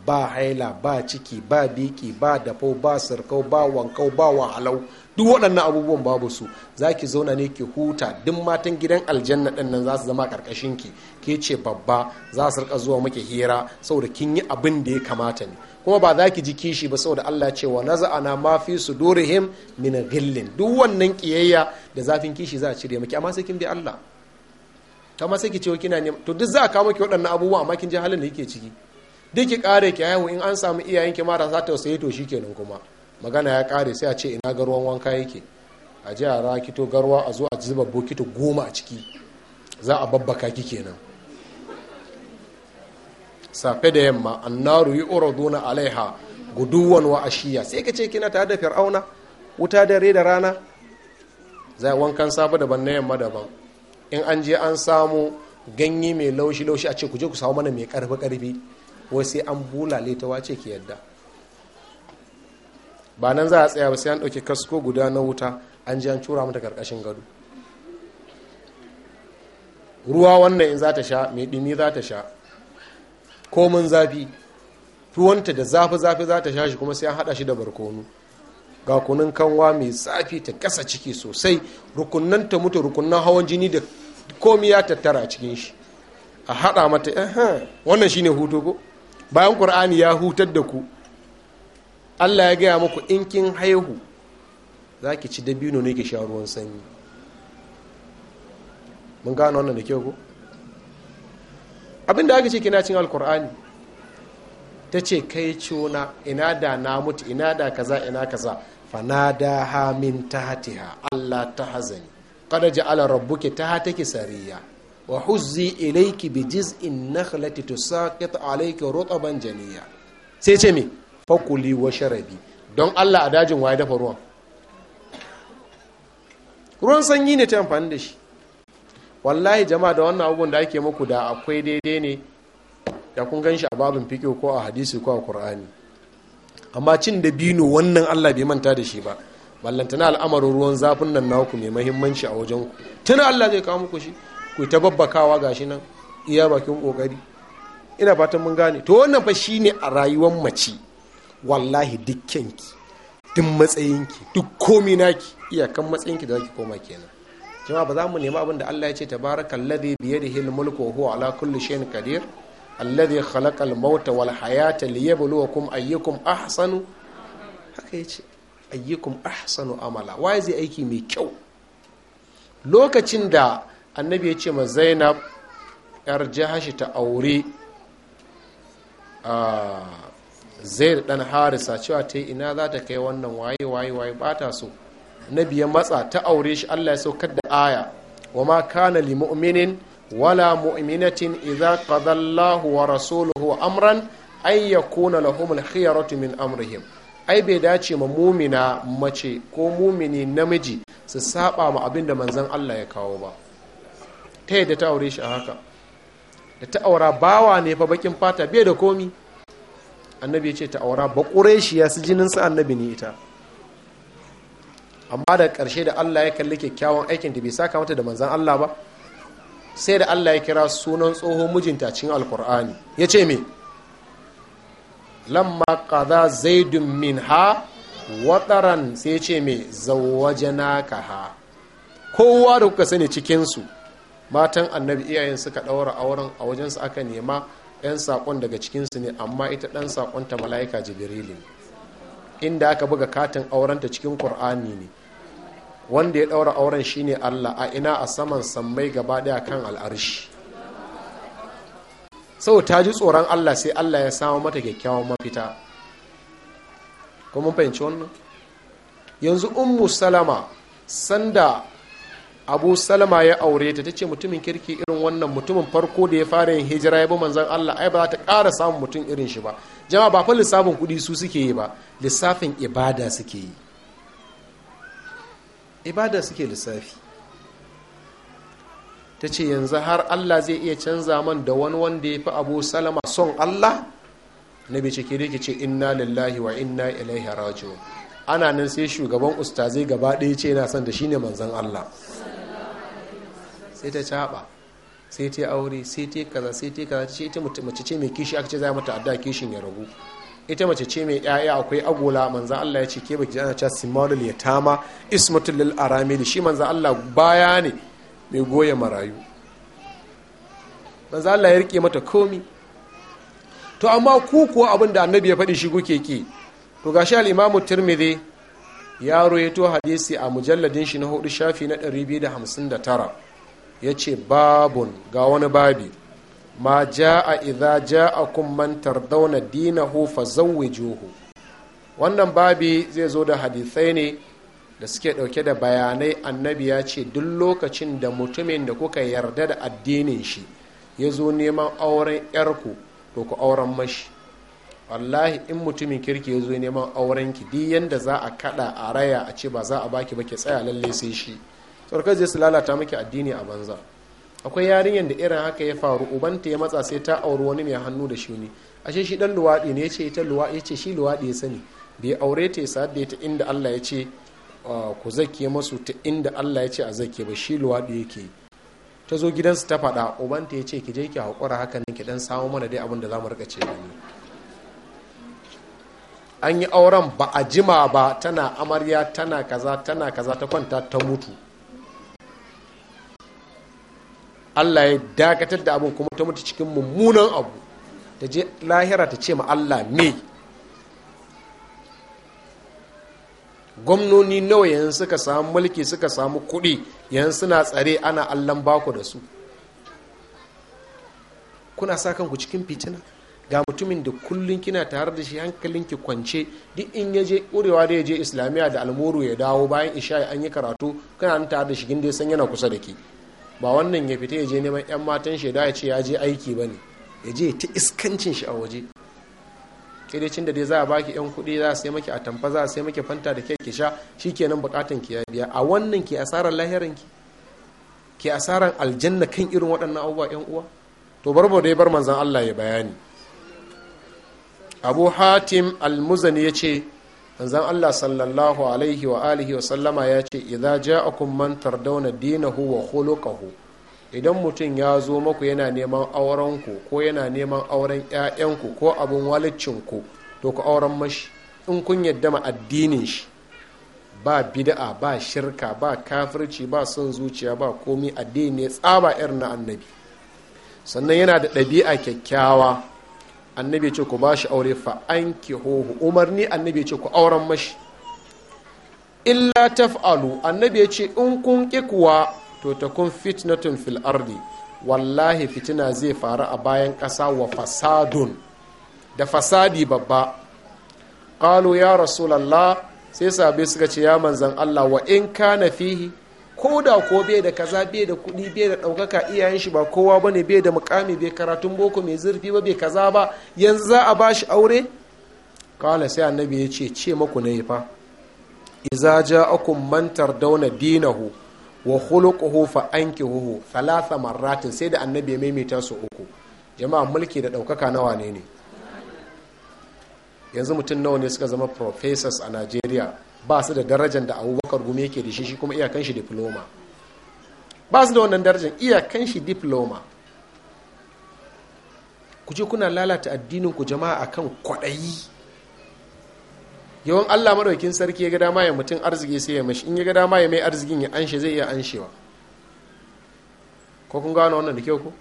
ba haila ba ciki ba biki ba dafau ba sarkau ba wankau ba wahalau duk waɗannan abubuwan babu su za ki zauna ne ki huta duk matan gidan aljanna ɗin nan za su zama ƙarƙashin ki ke ce babba za su rika zuwa muke hira saboda kin yi abin da ya kamata ne kuma ba za ki ji kishi ba saboda Allah ce wa naza'ana ma fi sudurihim min ghillin duk wannan kiyayya da zafin kishi za a cire miki amma sai kin bi Allah ta ma sai ki ce kina neman to duk za a kawo miki waɗannan abubuwa amma kin ji halin da yake ciki duk ki kare ki haihu in an samu iyayen ki marasa tausayi to shi shikenan kuma magana ya kare sai a ce ina garwan wanka yake a ji a rakito garwa a zo a zuba bokiti goma a ciki za a babbaka ki kenan safe da yamma annaru yi uraduna alaiha guduwan wa ashiya sai ka ce kina ta da fir'auna wuta dare da rana za a wankan safe daban na yamma daban in an je an samu ganye mai laushi laushi a ce ku je ku samu mana mai karfi karfi wai sai an bulale ta wace ki yadda ba nan za a tsaya ba sai an ɗauki kasko guda na wuta an ji an cura mata karkashin gado ruwa wannan in za ta sha mai ɗumi za ta sha komin zafi tuwanta da zafi-zafi za ta sha shi kuma sai an haɗa shi da barkonu ga kunun kanwa mai zafi ta kasa ciki sosai rukunan ta mutu rukunan hawan jini da komi ya tattara cikin shi a haɗa mata wannan shine hutu ko bayan ƙur'ani ya hutar da ku allah ya gaya muku in kin haihu za ki ci dabino ne ki sha ruwan sanyi mun gano wannan da kyau ko abinda aka ce kina cin alkur'ani ta ce kai cona ina da na mutu ina da kaza ina kaza da ha min hatiha allah ta hazani Kada ala qad ta ta tahtaki sariya wa huzzi ilayki bi sa nakhlati alaikin alayka rutban janiya sai ce me fakuli wa sharabi don Allah a dajin ya dafa ruwan ruwan sanyi ne ta amfani da shi wallahi jama'a da wannan abubuwan da ake muku da akwai daidai ne da kun gan shi a babin fiƙe ko a hadisi ko a ƙur'ani amma cin da bino wannan allah bai manta da shi ba ballantana al'amarin ruwan zafin nan naku mai mahimmanci a wajen ku tuna allah zai kawo muku shi ku ta babbakawa gashi nan iya bakin kokari ina fatan mun gane to wannan fa shine a rayuwar mace wallahi dukkanki duk matsayinki duk komi naki iyakan matsayinki da zaki koma kenan jama'a ba za mu nemi abin da Allah ya ce tabarakal ladhi bi yadihi al-mulku wa huwa ala kulli shay'in qadir alladhi khalaqa al-mauta wal hayata liyabluwakum ayyukum ahsanu haka yace ayyukum ahsanu amala wai zai aiki mai kyau lokacin da annabi ya ce ma zainab yar jahashi ta aure a zaid dan harisa cewa ta yi ina za ta kai wannan waye waye waye ba ta so Na ya matsa ta aure shi allah ya saukar da aya wa ma kana li mu'minin wala mu'minatin idza qada wa rasuluhu amran ay yakuna lahum al-khiyaratu min amrihim ai bai dace ma mumina mace ko mumini namiji su saba ma abinda manzon Allah ya kawo ba ta yadda ta aure shi a haka da ta aura bawa ne fa bakin fata bai da komi annabi ya ce ta aura bakure shi ya su jininsa annabi ne ita amma da ƙarshe da Allah ya kalli kyakkyawan aikin da bai sa mata da manzan Allah ba sai da Allah ya kira sunan tsohon mijinta cikin alkur'ani ya ce me lamma zai zaidun ha wataran sai ya ce me ka ha kowa da kuka sani cikinsu matan annabi iyayen suka ɗaura auren a wajen su aka nema 'yan sakon daga cikinsu ne amma ita ɗan ta mala'ika jibrilu inda aka buga katin aurenta cikin ƙur'ani ne wanda ya ɗaura auren shine allah a ina a saman sammai gaba ɗaya kan al'arshi sau ta ji tsoron allah sai allah ya samu mata kyakkyawan mafita kuma fahimci wannan yanzu ummu salama sanda abu salama ya aure ta tace mutumin kirki irin wannan mutumin farko da ya fara yin hijira ya bi manzon Allah ai ba za ta kara samun mutum irin shi ba jama'a ba fa lissafin kuɗi su suke yi ba lissafin ibada suke yi ibada suke lissafi ta ce yanzu har Allah zai iya canza man da wani wanda ya fi abu salama son Allah na bai cike da ce inna lillahi wa inna ilaihi raji'un ana nan sai shugaban ustazai gaba ɗaya ce yana son da shine manzon Allah sai ta caba sai ta aure sai ta kaza sai ta kaza ce ita mace ce mai kishi aka ce za mata adda kishin ya ragu ita mace ce mai yaya akwai agola manzan Allah ya ce ke baki ana cewa simalul yatama ismatul lil aramil shi manzan Allah baya ne mai goya marayu manzan Allah ya rike mata komi to amma ku kuwa abin da annabi ya fadi shi kuke ki to gashi al-imamu tirmidhi ya ruwaito hadisi a mujalladin shi na hudu shafi na 259 ya ce babun ga wani babi ma ja ja a ja'a idza ja'akum dina hufa zauwe juhu wannan babi zai zo da hadithai ne da suke ɗauke da bayanai annabi ya ce duk lokacin da mutumin da kuka yarda da addinin shi ya zo neman auren yarku to ku auren mashi wallahi in mutumin kirki ya zo neman auren ki duk yadda za a kada a raya a ce ba za a baki ba ke tsaya lalle sai shi sarkar zai su lalata maki addini a banza akwai yarinyar da irin haka ya faru ubanta ya matsa sai ta auri wani mai hannu da shuni ashe shi dan luwaɗi ne ce ita luwaɗi ce shi luwaɗi ya sani bai aure ta ya sadde ta inda Allah ya ce ku zakiye masu ta inda Allah ya ce a zakiye ba shi luwaɗi yake ta zo gidansu ta faɗa ubanta ya ce ki je ki haƙura haka ne ki dan samu mana dai abin da za mu rika ce ne an yi auren ba a jima ba tana amarya tana kaza tana kaza ta kwanta ta mutu Allah ya dakatar da abin kuma ta mutu cikin mummunan abu ta je lahira ta ce ma Allah me gwamnoni nawa yanzu suka samu mulki suka samu kuɗi yanzu suna tsare ana allon bako da su kuna sa kanku cikin fitina ga mutumin da kullum kina tare da shi hankalinki kwance duk in ya je ƙurewa da ya je islamiyya da almuru ya dawo bayan isha an yi karatu kana tare da shi gindai san yana kusa da ke ba wannan ya fita ya je neman 'yan matan shaida ya ce ya je aiki ba ne ya je ta iskancin shi a waje kirecin da dai za a baki 'yan kuɗi za a sai maki a tamfa za a sai maki fanta da ki sha shi kenan bukatan ki ya biya a wannan ke asarar lahirin ki ke asarar aljanna kan irin waɗannan abubuwa 'yan uwa to bar dai bar manzan allah ya bayani abu hatim almuzani ya ce manzon Allah sallallahu alaihi wa alihi wa sallama ya ce idza ja'akum man tardawna dinahu wa khuluquhu idan mutum ya zo maku yana neman auren ku ko yana neman auren 'ya'yanku ko abin ku to ku auren mashi in kun yadda ma addinin shi ba bid'a ba shirka ba kafirci ba son zuciya ba komi addini ne tsaba irin na annabi sannan yana da ɗabi'a kyakkyawa annabi ce ku ba shi aure fa an hohu umarni annabi ce ku auren mashi illa taf'alu annabi ce in kun ƙi kuwa to ta kun fitnatun fil ardi wallahi fitina zai faru a bayan ƙasa wa fasadun da fasadi babba ƙalo ya rasulallah sai sabi suka ce ya manzan allah wa in kana fihi ko da ko bai da kaza bai da kuɗi bai da ɗaukaka iyayen shi ba kowa bane bai da mukami bai karatun boko mai zurfi ba bai kaza ba yanzu za a ba shi aure kawai sai annabi ya ce ce maku na fa iza akum man dauna dinahu wa khuluquhu fa ankihuhu thalatha marratin sai da annabi ya maimaita su uku jama'a mulki da ɗaukaka nawa ne ne yanzu mutum nawa ne suka zama professors a Najeriya ba su da darajar da abubakar gumi yake da shi shi kuma iyakan shi diploma ba su da wannan darajar iyakan shi diploma ku je kuna lalata addinin ku jama'a akan kwaɗayi yawan allah maɗaukin sarki ya ga dama ya mutum arziki sai ya mashi in ya ga dama ya mai arzikin ya anshe zai iya anshewa ko kun gano wannan da kyau ku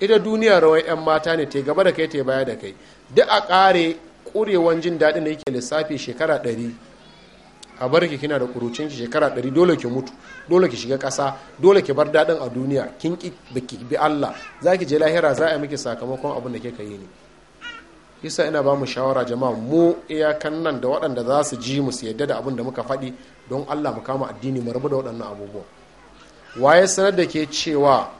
ita duniya rawar 'yan mata ne te gaba da kai te baya da kai duk a ƙare ƙurewan jin daɗin da yake lissafi shekara ɗari a bar ki kina da kurucin ki shekara ɗari dole ki mutu dole ki shiga ƙasa dole ki bar daɗin a duniya kin ki bi Allah za ki je lahira za a miki sakamakon abin da kika yi ne yasa ina ba mu shawara jama'a mu iyakan nan da waɗanda za su ji mu su yadda da abin da muka faɗi don Allah mu kama addini mu rabu da waɗannan abubuwa waye sanar da ke cewa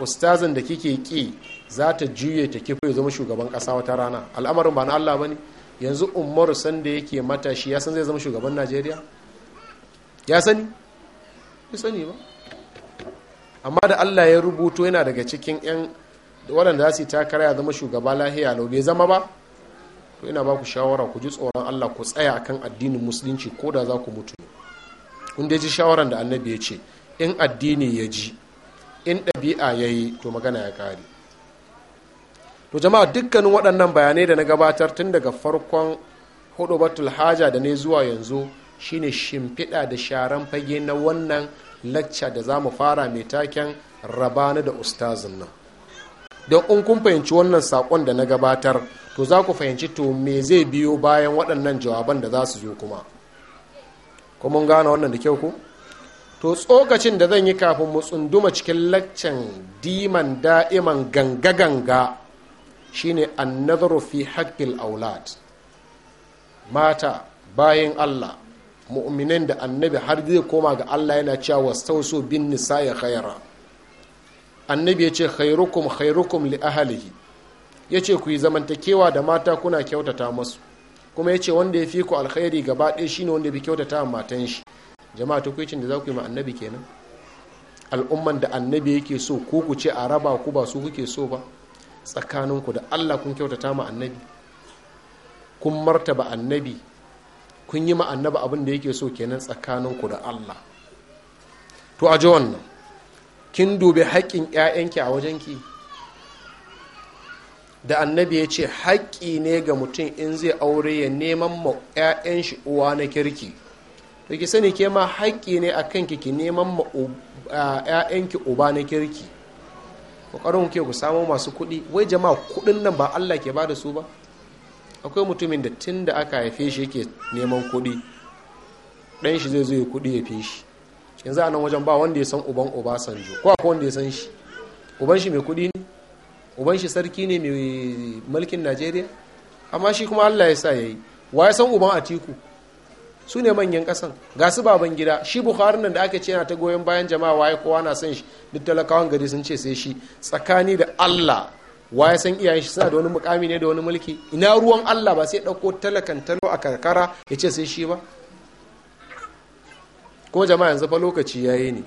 ustazin da kike ki za ta juye ta kifo ya zama shugaban ƙasa wata rana al'amarin ba na Allah bane yanzu umaru sanda yake matashi ya san zai zama shugaban najeriya ya sani ya sani ba amma da allah ya rubuto yana daga cikin 'yan waɗanda za su yi takara ya zama shugaba lahiya lau bai zama ba to ina ba ku shawara ku ji tsoron allah ku tsaya akan addinin musulunci ko da za ku mutu kun dai ji shawaran da annabi ya ce in addini ya ji in ɗabi'a ya yi to magana ya ƙare to jama'a dukkanin waɗannan bayanai da na gabatar tun daga farkon batul haja da ne zuwa yanzu shine shimfiɗa da sharan fage na wannan lacca da za mu fara mai taken rabana da ustazin nan don in kun fahimci wannan saƙon da na gabatar to za ku fahimci to me zai biyo bayan waɗannan jawaban da za su zo kuma kuma gane wannan da kyau ku to tsokacin da zan yi kafin mu tsunduma cikin laccan diman da'iman ganga-ganga shine annazaru fi haƙƙin aulad mata bayan Allah mu'minan da annabi har zai koma ga Allah yana cewa wasu bin nisa ya khayara annabi ya ce khairukum khairukum li ahalihi ya ce ku yi zamantakewa da mata kuna kyautata masu kuma ya ce wanda ya fi ku alkhairi gaba ɗaya shine wanda ya fi kyautata matan shi jama'a tukwicin da za ku yi ma annabi kenan al'umman da annabi yake so ku ku ce a raba ku ba su kuke so ba tsakaninku da allah kun kyautata ma annabi kun martaba annabi kun yi ma annabi abin da yake so kenan tsakaninku da allah to a ji wannan kin dubi haƙƙin 'ya'yanki a wajenki da annabi ya ce haƙƙi ne ga mutum in zai aure ya neman ma 'ya'yan shi uwa na kirki to ki sani ke ma haƙƙi ne a kanki ki neman ma 'ya'yanki uba na kirki kokarin ke ku samo masu kuɗi wai jama'a kuɗin nan ba Allah ke bada su ba akwai mutumin da tun da aka haife shi yake neman kuɗi ɗan shi zai zo ya kuɗi ya fi shi yanzu a nan wajen ba wanda ya san uban uba obasanjo ko akwai wanda ya san shi uban shi mai kuɗi ne uban shi sarki ne mai mulkin najeriya amma shi kuma allah ya sa ya yi wa ya san uban atiku su ne manyan kasan ga su baban gida shi Bukhari nan da aka ce yana ta goyon bayan jama'a waye kowa na son shi duk talakawan gari sun ce sai shi tsakani da allah waye san iyayen shi suna da wani mukami ne da wani mulki ina ruwan allah ba sai dauko talakan talo a karkara ya ce sai shi ba ko jama'a yanzu fa lokaci ya yi ne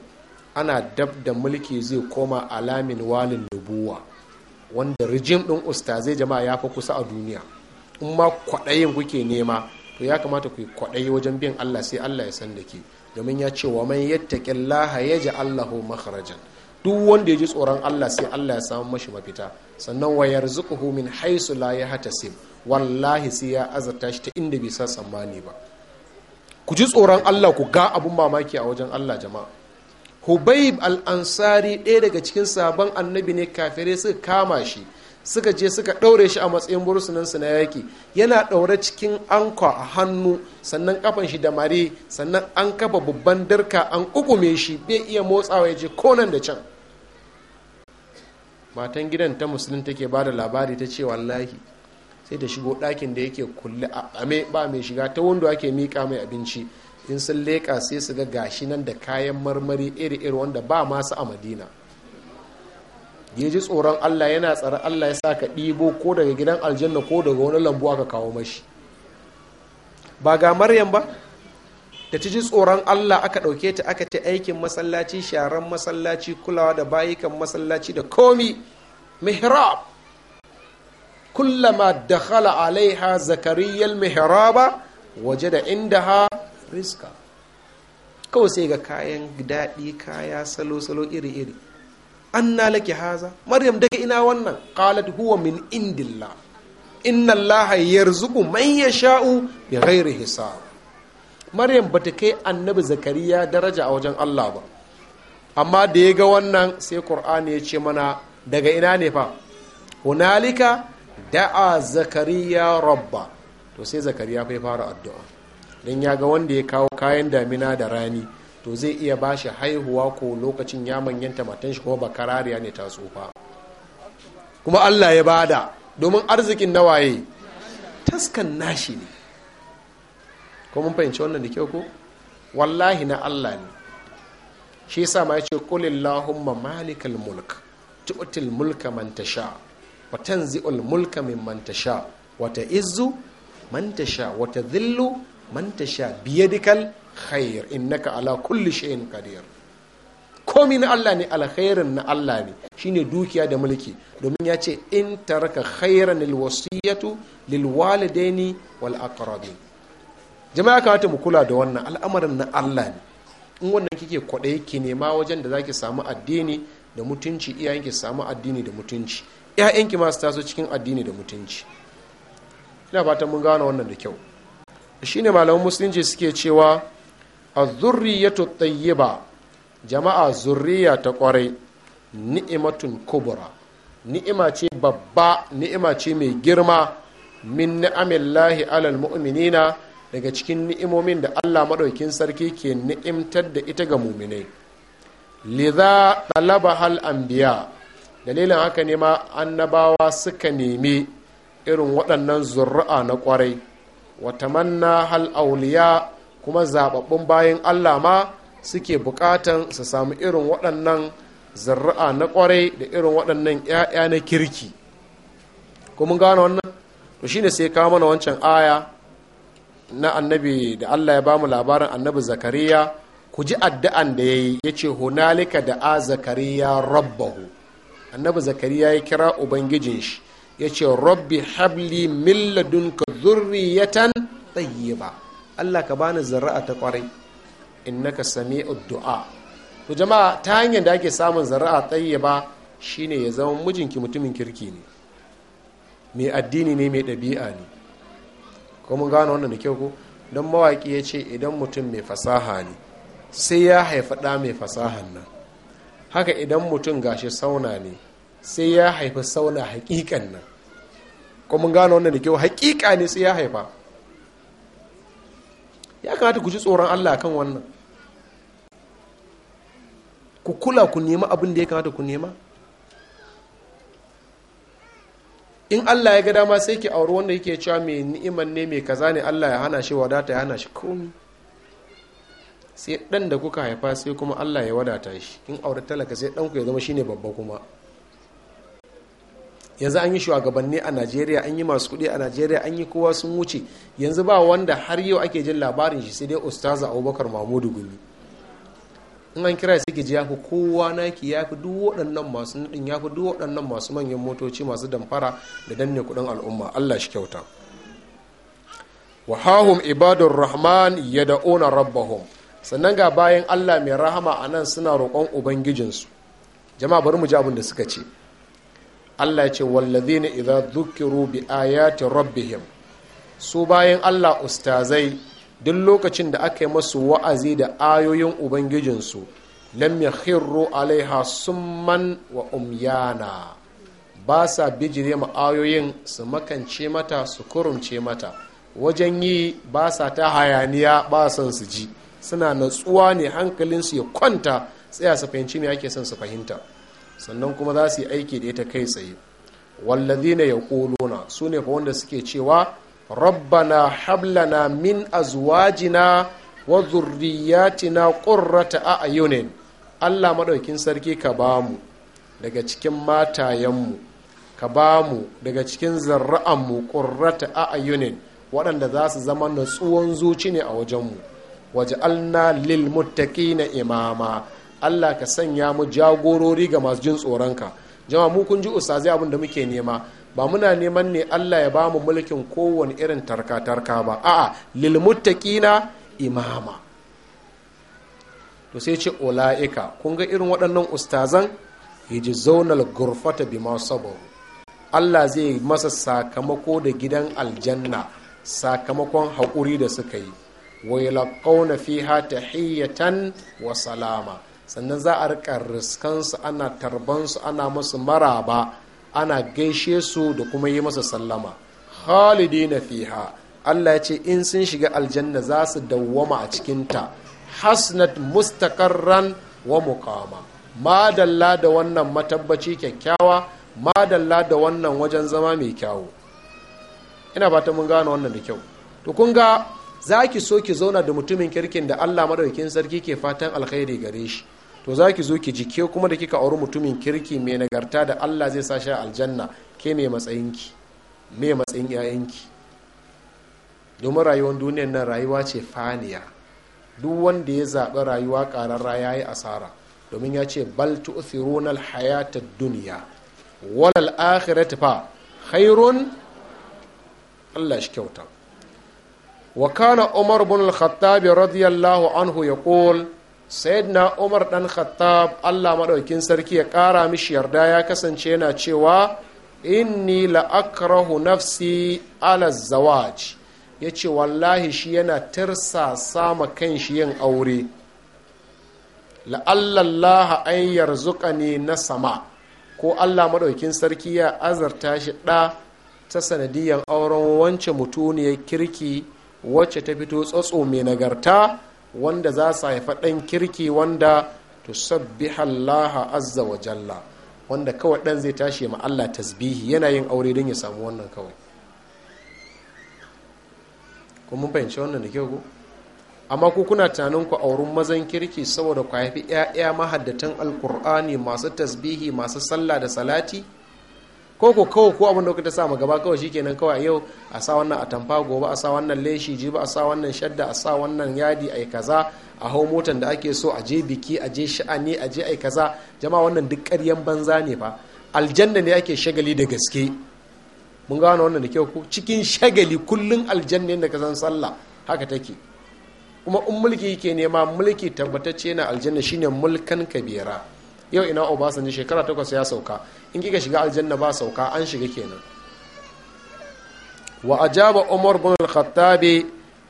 ana dab da mulki zai koma alamin walin nubuwa wanda rijim ɗin ustazai jama'a ya fi kusa a duniya in ma kwaɗayin kuke nema to ya kamata ku kwaɗayi wajen biyan Allah sai Allah ya san da ke domin ya ce wa man ji Allah lahu makarajan duk wanda ya ji tsoron Allah sai Allah ya samu mashi mafita sannan wa yarzuquhu min haisu la yahtasib wallahi sai ya azarta shi ta inda bai sa tsammani ba ku ji tsoron Allah ku ga abun mamaki a wajen Allah jama'a Hubayb al-Ansari ɗaya daga cikin sabon annabi ne kafirai suka kama shi suka je suka ɗaure shi a matsayin bursunansu na yaki yana ɗaure cikin anko a hannu sannan kafan shi da mare sannan an kafa babban darka an ƙuƙume shi bai iya motsawa ya je konan da can matan gidan ta musulun take ba da labari ta ce wallahi sai ta shigo ɗakin da yake kulle a ame ba mai shiga ta wando ake miƙa mai abinci in sun leƙa sai su ga gashi nan da kayan marmari iri-iri wanda ba masu a madina ya ji tsoron Allah yana tsara Allah ya sa ka ɗibo ko daga gidan aljanna ko daga wani lambu aka kawo mashi ba ga maryam ba da ta ji tsoron Allah aka ɗauke ta aka ta aikin masallaci sharan masallaci kulawa da bayikan masallaci da komi mihrab kullama dakhala alaiha zakariyar mihraba waje da inda ha riska kawai sai ga kayan daɗi kaya salo-salo iri-iri anna laki haza maryam daga ina wannan qalat huwa min indillah inna allaha yarzuqu man yasha'u bi ghairi hisab maryam bata kai annabi zakariya daraja a wajen Allah ba amma da ya ga wannan sai qur'ani ya ce mana daga ina ne fa hunalika da'a zakariya rabba to sai zakariya fa fara addu'a dan ya ga wanda ya kawo kayan damina da rani to zai iya ba shi haihuwa ko lokacin ya manyanta matan shi kuma bakarariya ne ta tsufa kuma allah ya bada domin arzikin nawaye taskan nashi ne ko fahimci wannan da kyau ko wallahi na allah ne shi sa ma yace qul allahumma malikal mulk tu'til mulka man tasha wa tanzi'ul mulka min tasha wata ta'izzu man tasha wa tadhillu man tasha biyadikal khair innaka ala kulli shay'in qadir komi na Allah ne alkhairin na Allah ne shine dukiya da mulki domin ya ce in taraka khairan alwasiyatu lilwalidaini wal aqrabin jama'a kamata mu kula da wannan al'amarin na Allah ne in wannan kike kwaɗayi ki nema wajen da zaki samu addini da mutunci iyayenki samu addini da mutunci ma masu taso cikin addini da mutunci ina fatan mun gane wannan da kyau shine malaman musulunci suke cewa az-zurriyatu tayyiba jama'a zurriya ta kwarai ni'imatun kubra ni'ima ce babba ni'ima ce mai girma min ni'amillahi alal mu'minina daga cikin ni'imomin da Allah maɗaukin sarki ke ni'imtar da ita ga mu'minai liza talaba hal anbiya dalilin haka ne ma annabawa suka nemi irin waɗannan zurra'a na kwarai watamanna hal auliya kuma zababbun bayan allah ma suke bukatan su samu irin waɗannan zarra'a na kwarai da irin waɗannan 'ya'ya na kirki kuma gano wannan to shine sai kawo mana wancan aya na annabi da allah ya bamu labarin annabi zakariya ku ji addu'an da ya yi ya ce hunalika da a zakariya rabbahu annabi zakariya ya kira ubangijin shi ya ce rabbi habli ka zurriyatan tayyiba Allah ka bani zara'a ta kwarai innaka same du'a to jama'a ta hanyar da ake samun zara'a tayyiba shine ya zama mijinki mutumin kirki ne mai addini ne mai ɗabi'a ne ko mun gano wannan da kyau ko don mawaƙi ya ce idan mutum mai fasaha ne sai ya haifi ɗa mai fasahan nan haka idan mutum gashi sauna ne sai ya haifi sauna hakikan nan ko mun gano wannan da kyau hakika ne sai ya haifa ya kamata ku ji tsoron Allah kan wannan ku kula ku nema abin da ya kamata ku nema in Allah ya ga dama sai ki auri wanda yake cewa mai ni'iman ne mai kaza ne Allah ya hana shi wadata ya hana shi komi sai dan da kuka haifa sai kuma Allah ya wadata shi in auri talaka sai dan ku ya zama shine babba kuma yanzu an yi shugabanni a najeriya an yi masu kuɗi a najeriya an yi kowa sun wuce yanzu ba wanda har yau ake jin labarin shi sai dai ustaza abubakar mahmudu gumi in an kira suke ji fi kowa naki fi duk waɗannan masu ya fi duk waɗannan masu manyan motoci masu damfara da danne kuɗin al'umma allah shi kyauta wahahum ibadur rahman ya daona rabbahum sannan ga bayan allah mai rahama anan suna roƙon ubangijinsu jama'a bari mu ji abin da suka ce Allah ya ce wallazina idza dhukiru bi ayati rabbihim su bayan Allah ustazai duk lokacin da aka yi masu wa'azi da ayoyin ubangijinsu lam yakhiru alaiha summan wa umyana ba sa bijire ma ayoyin su makance mata su kurumce mata wajen yi ba sa ta hayaniya ba son su ji suna natsuwa ne hankalinsu ya kwanta tsaya su fahimci me ake son su fahimta sannan kuma za su yi aiki da ita kai tsaye wallazina su ne fa wanda suke cewa rabbana hablana min azwajina wa dhurriyyatina qurrata a'yunin Allah maɗaukin sarki ka bamu daga cikin matayenmu ka bamu daga cikin zarra'anmu qurrata a'yunin waɗanda za su zama natsuwan zuci ne a wajenmu alna lil na imama allah ka sanya mu jagorori ga masu jin tsoronka jama mu kun ji ustazai abin da muke nema ba muna neman ne allah ya bamu mulkin kowane irin tarka-tarka ba a'a lil muttaqina imama to sai ce ula'ika kun ga irin waɗannan ustazan Yaji zaunal gurfata bima sabaru Allah zai masa sakamako da gidan aljanna sakamakon haƙuri da suka yi wai laƙauna fiha tahiyatan wa salama sannan za a rika riskansu ana tarbansu ana masu maraba ana gaishe su da kuma yi masa sallama halidi na fiha allah ya ce in sun shiga aljanna za su dawwama a cikinta hasnat mustakarran wa mukama madalla da wannan matabbaci kyakkyawa madalla da wannan wajen zama mai kyawu ina ta mun gane wannan da kyau to kun ga za ki so ki zauna da mutumin kirkin da allah madaukin sarki ke fatan alkhairi gare shi to za ki zo ki ji ke kuma da kika auri mutumin kirki mai nagarta da allah zai sa shi aljanna ke mai matsayinki mai matsayin 'ya'yanki domin rayuwar duniyar nan rayuwa ce faniya duk wanda ya zaɓi rayuwa ƙararra ya yi asara domin ya ce bal tu'thiruna al-hayata duniya walal akhirati fa khairun Allah shi kyauta wa kana Umar bin al-Khattab radiyallahu anhu yaqul na umar dan khattab allah maɗaukin sarki ya ƙara mishi yarda ya kasance yana cewa inni la'akrahu nafsi ala zawaj ya ce wallahi shi yana tirsa sama kan shi yin aure la'allallaha an yarzuka ne na sama ko allah maɗaukin sarki ya azarta shi ɗa ta sanadiyan auren wance mutuniyar kirki wacce ta fito tsotso mai nagarta wanda za su haifa ɗan kirki wanda to tusabbihallaha azza wa jalla wanda kawai ɗan zai tashi ma Allah tasbihi yana yin aure don ya samu wannan kawai kuma mun fahimci wannan da kyau amma ku kuna tunanin ku auren mazan kirki saboda ku haifi 'ya'ya mahaddatan alkur'ani masu tasbihi masu sallah da salati ko ko kawai ko abin da kuka sa gaba kawai shikenan kawai yau a sa wannan atamfa gobe a sa wannan leshi jibi a sa wannan shadda a sa wannan yadi ai kaza a hau motan da ake so a je biki a je sha'ani a je ai kaza jama'a wannan duk ƙaryan banza ne fa aljanna ne ake shagali da gaske mun gano wannan da kyau ko cikin shagali kullun aljanna da ka sallah haka take kuma in mulki yake nema mulki tabbatacce na aljanna shine mulkan kabira yau ina obasanjo shekara takwas ya sauka in kika shiga aljanna ba sauka an shiga kenan wa ajaba umar bin al-khattabi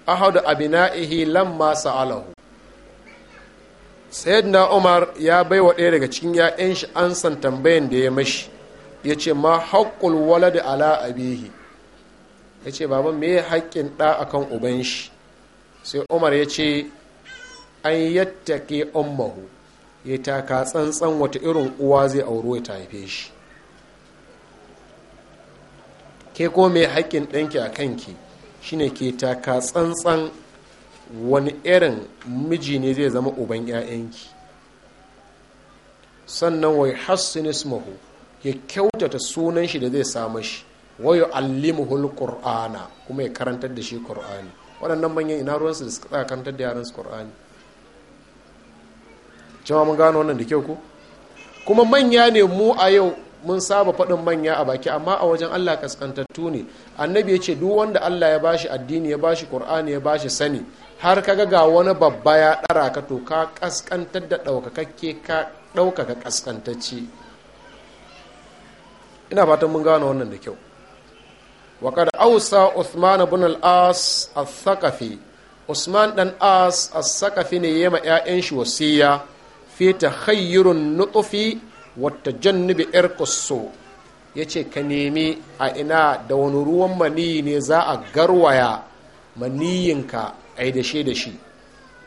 ahad abina'ihi lamma sa'alahu sayyidina umar ya bai wa ɗaya daga cikin ya'yan shi an san tambayan da ya mashi ya ce ma haƙƙul walad ala abihi ya ce baban me haƙƙin ɗa akan uban shi sai umar ya ce an ke ummahu ya taka tsantsan wata irin uwa zai auro ya haife shi ke ko mai haƙƙin ɗanki a kanki shine ke taka tsantsan wani irin miji ne zai zama uban 'ya'yanki sannan wai hassin ismahu ya kyautata sunan shi da zai samu shi wayo allimuhul qur'ana kuma ya karantar da shi qur'ani waɗannan manyan ina ruwansu da suka karantar da yaransu qur'ani jama mun gano wannan da kyau ko kuma manya ne mu a yau mun saba faɗin manya a baki amma a wajen Allah kaskantattu ne annabi ya ce duk wanda Allah ya bashi addini ya bashi qur'ani ya bashi sani har kaga ga wani babba ya ɗara ka to ka kaskantar da ɗaukakakke ka ɗaukaka kaskantacci ina fatan mun gano wannan da kyau wa kada ausa usman ibn al-As al-Thaqafi Usman dan As al-Thaqafi ne yema ƴaƴan shi wasiya fi takhayyurun nutfi wa tajannubi ya ce ka nemi a ina da wani ruwan maniyi ne za a garwaya maniyinka ai da shi da shi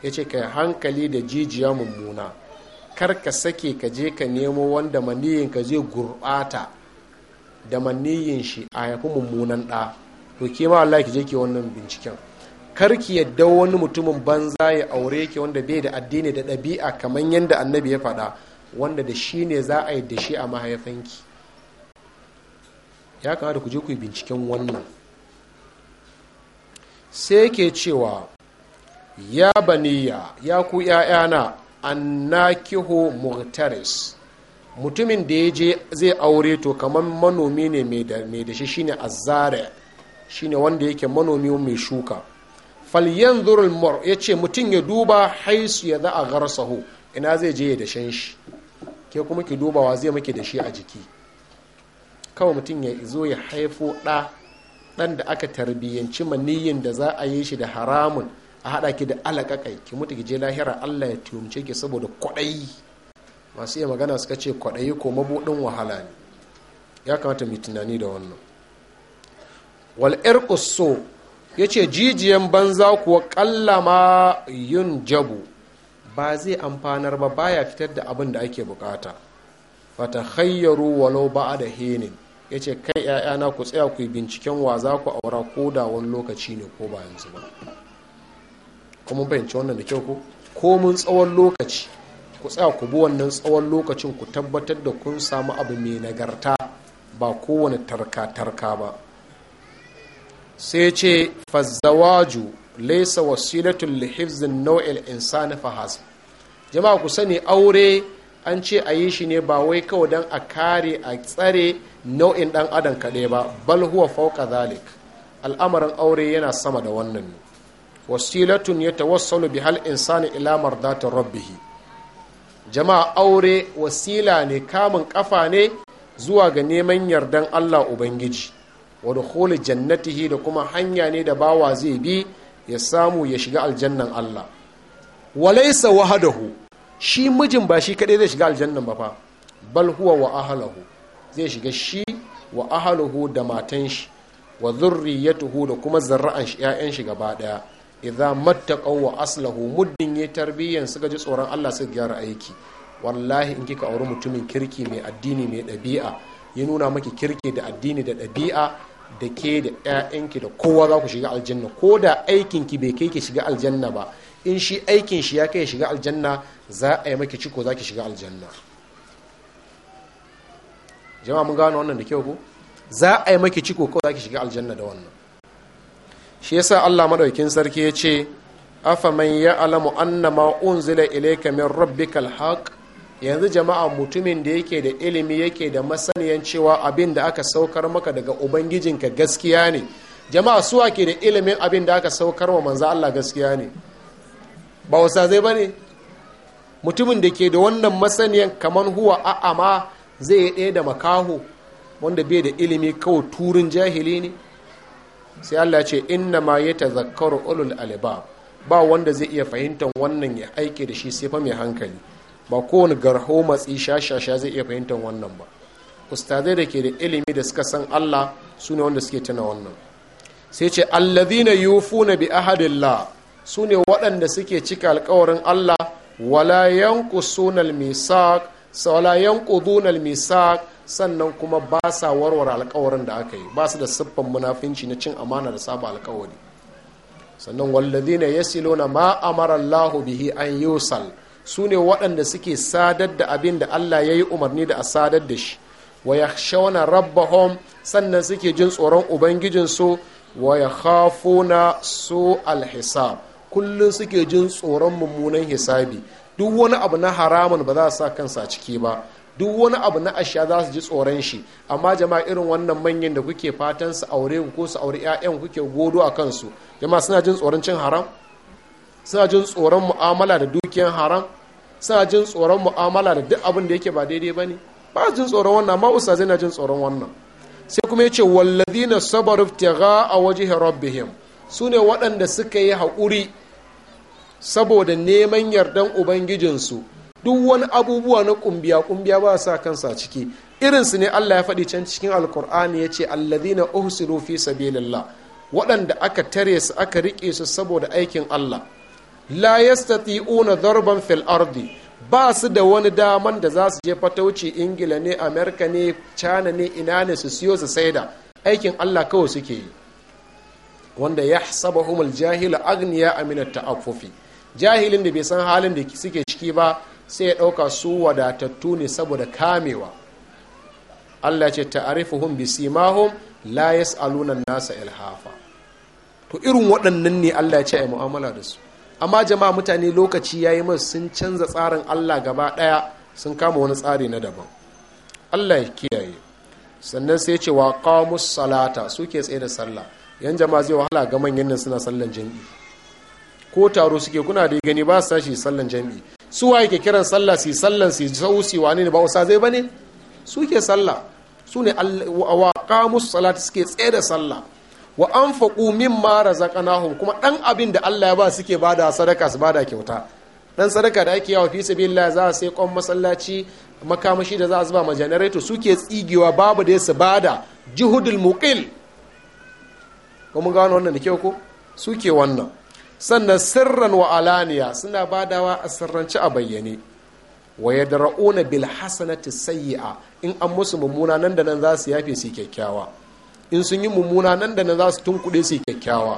ya ce ka hankali da jijiya mummuna kar ka sake ka je ka nemo wanda maniyinka zai gurɓata da maniyin shi a yafi mummunan ɗa to ke ma Allah ki je ki wannan binciken karki yadda wani mutumin banza ya aure ki wanda bai da addini da ɗabi'a kamar yadda annabi ya faɗa wanda da shi ne za a yi da shi a mahaifanki ya kamata ku je ku yi binciken wannan sai ke cewa ya baniya ya ku ‘ya'yana annakiho murtaris mutumin da ya je zai aure to kamar manomi ne mai da shi shine shi shine wanda yake manomi mai shuka falyan mor ya ce mutum ya duba haisu ya za a garsahu ina zai je ya dashen shi ke kuma ki dubawa zai maki da shi a jiki kawai mutum ya zo ya haifo ɗa ɗan da aka tarbiyyanci maniyin da za a yi shi da haramun a haɗa ki da alaƙaƙai ki mutu ki je lahira allah ya tuhumce ki saboda kwaɗayi masu iya magana suka ce kwaɗayi ko mabuɗin wahala ne ya kamata mu tunani da wannan wal irqus ya ce jijiyan banza kuwa kallama yun jabu ba zai amfanar ba baya fitar da abin da ake bukata fata hayyaru walau ba da henin ya ce kai ‘ya'yana ku tsaya ku binciken wa za ku aura ko da wani lokaci ne ko ba yanzu ba kuma bayanci wannan da kyau ko komun tsawon lokaci ku tsaya ku bi wannan tsawon lokacin ku tabbatar da kun samu abu mai nagarta ba kowane tarka-tarka ba sai ce fazzawaju laisa wasilatun li hifzin nau'il insani fahas jama'a ku sani aure an ce a yi shi ne ba wai kawai don a kare a tsare nau'in dan adam kaɗai ba bal huwa fauka zalik al'amarin aure yana sama da wannan ne wasilatun ya tawassalu bi hal insani ila mardatin rabbihi jama'a aure wasila ne kamun kafa ne zuwa ga neman yardan Allah ubangiji wa dukhul jannatihi da kuma hanya ne da bawa zai bi ya samu ya shiga aljannan Allah walaysa wahadahu shi mijin ba shi kadai zai shiga aljannan ba fa bal huwa wa zai shiga shi wa ahluhu da matan shi wa zurriyatuhu da kuma zarra'an shi ƴaƴan shi gaba daya idza mattaqaw wa aslahu muddin ya tarbiyyan suka ji tsoron Allah suka gyara aiki wallahi in kika auri mutumin kirki mai addini mai ɗabi'a ya nuna maki kirki da addini da ɗabi'a da ke da 'ya'yanki da kowa za ku shiga aljanna ko da aikinki bai kai ki shiga aljanna ba in shi aikin shi ya kai shiga aljanna za a yi maki ciko za ki shiga aljanna jama'a mun gano wannan da kyau ko za a yi maki ciko ko za ki shiga aljanna da wannan shi yasa Allah madaukin sarki ya ce afa man ya'lamu anna ma unzila ilayka min rabbikal haqq yanzu jama'a mutumin da yake da ilimi yake da masaniyan cewa abin da aka saukar maka daga ubangijinka gaskiya ne jama'a suwa ke da ilimin abin da aka saukar wa manzo Allah gaskiya ne ba wasa zai bane mutumin da ke da wannan masaniyan kamar huwa a'ama zai yi ɗaya da makaho wanda bai da ilimi kawai turin jahili ne sai Allah ce inna ma ya tazakkaru ulul alba ba wanda zai iya fahimtar wannan ya aiki da shi sai fa mai hankali ba kowane garho matsi shashasha zai iya fahimtar wannan ba ustazai da ke da ilimi da suka san allah su ne wanda suke tuna wannan sai ce allazina yufuna bi ahadillah su ne waɗanda suke cika alkawarin allah wala misak almisaq wala yanquduna misak sannan kuma ba sa warware alkawarin da aka yi ba su da siffan munafinci na cin amana da saba alkawari sannan wallazina yasilona ma amara Allahu bihi an yusal su ne waɗanda suke sadar da abin da Allah ya yi umarni da a sadar da shi wa ya shauna rabbahom sannan suke jin tsoron ubangijinsu wa ya khafuna su alhisab kullum suke jin tsoron mummunan hisabi duk wani abu na haramun ba za a sa kansa ciki ba duk wani abu na asha za su ji tsoron shi amma jama'a irin wannan manyan da kuke fatan su aure ku ko su aure 'ya'yan kuke godo a kansu jama'a suna jin tsoron cin haram suna jin tsoron mu'amala da dukiyar haram suna jin tsoron mu'amala da duk abin da yake ba daidai ba ne ba jin tsoron wannan ma ustazai na jin tsoron wannan sai kuma ya ce walladina sabaru ga a waje herobihim su ne waɗanda suka yi haƙuri saboda neman yardan ubangijinsu duk wani abubuwa na kumbiya kumbiya ba sa kansa ciki irinsu ne Allah ya faɗi can cikin alkur'ani ya ce alladhina uhsiru fi sabilillah waɗanda aka tare su aka riƙe su saboda aikin Allah la una zarban fil ardi ba su da wani daman da za su je fatauci ingila ne amerika ne china ne ina ne su siyo su saida aikin allah kawai suke yi wanda ya saba humul jahila agniya aminat ta'affufi jahilin da bai san halin da suke ciki ba sai ya ɗauka su wadatattu ne saboda kamewa allah ce ta'arifuhum bi simahum la yas'aluna nasa ilhafa to irin waɗannan ne allah ya ce mu'amala da su amma jama'a mutane lokaci ya yi masu sun canza tsarin allah gaba ɗaya sun kama wani tsari na daban allah ya kiyaye sannan sai ce wa qamus salata suke tsaye da sallah yan jama'a zai wahala ga manyan nan suna sallan jami'i ko taro suke kuna da gani ba su tashi sallan jami'i su waye ke kiran sallah su sallan su yi wani ne ba usa zai bane suke sallah su ne wa qamus salata suke tsaye da sallah wa min mara razaqnahum kuma ɗan abin da Allah ya ba suke bada sadaka su bada kyauta ɗan sadaka da ake yawa fi Allah za a sai kon masallaci makamashi da za a zuba ma suke tsigewa babu da su bada juhudul muqil ko mu gano wannan da kyau ko suke wannan sannan sirran wa alaniya suna badawa a sirranci a bayyane wa rauna bil hasanati sayyi'a in an musu mummuna nan da nan za su yafe su kyakkyawa in sun yi mummuna nan da na za su tunkuɗe su kyakkyawa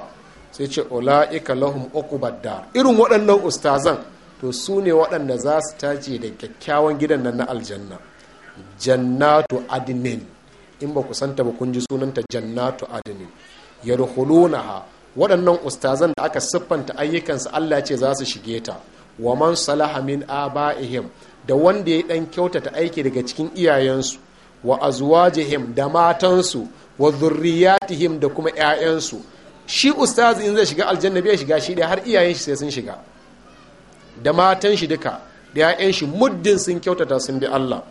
sai ce ula'ika lahum uku dar irin waɗannan ustazan to su ne waɗanda za su tace da kyakkyawan gidan nan na aljanna jannatu adnin in ba ku santa ba kun ji sunanta jannatu adnin ha waɗannan ustazan da aka siffanta ayyukansu Allah ce za su shige ta wa man salaha min aba'ihim da wanda ya ɗan kyautata aiki daga cikin iyayensu wa azwajihim da matansu wa zurriyatihim da kuma 'ya'yansu shi ustazi in zai shiga aljanna bai shiga shi da har iyayen shi sai sun shiga da matan shi duka da 'ya'yan shi muddin sun kyautata sun bi Allah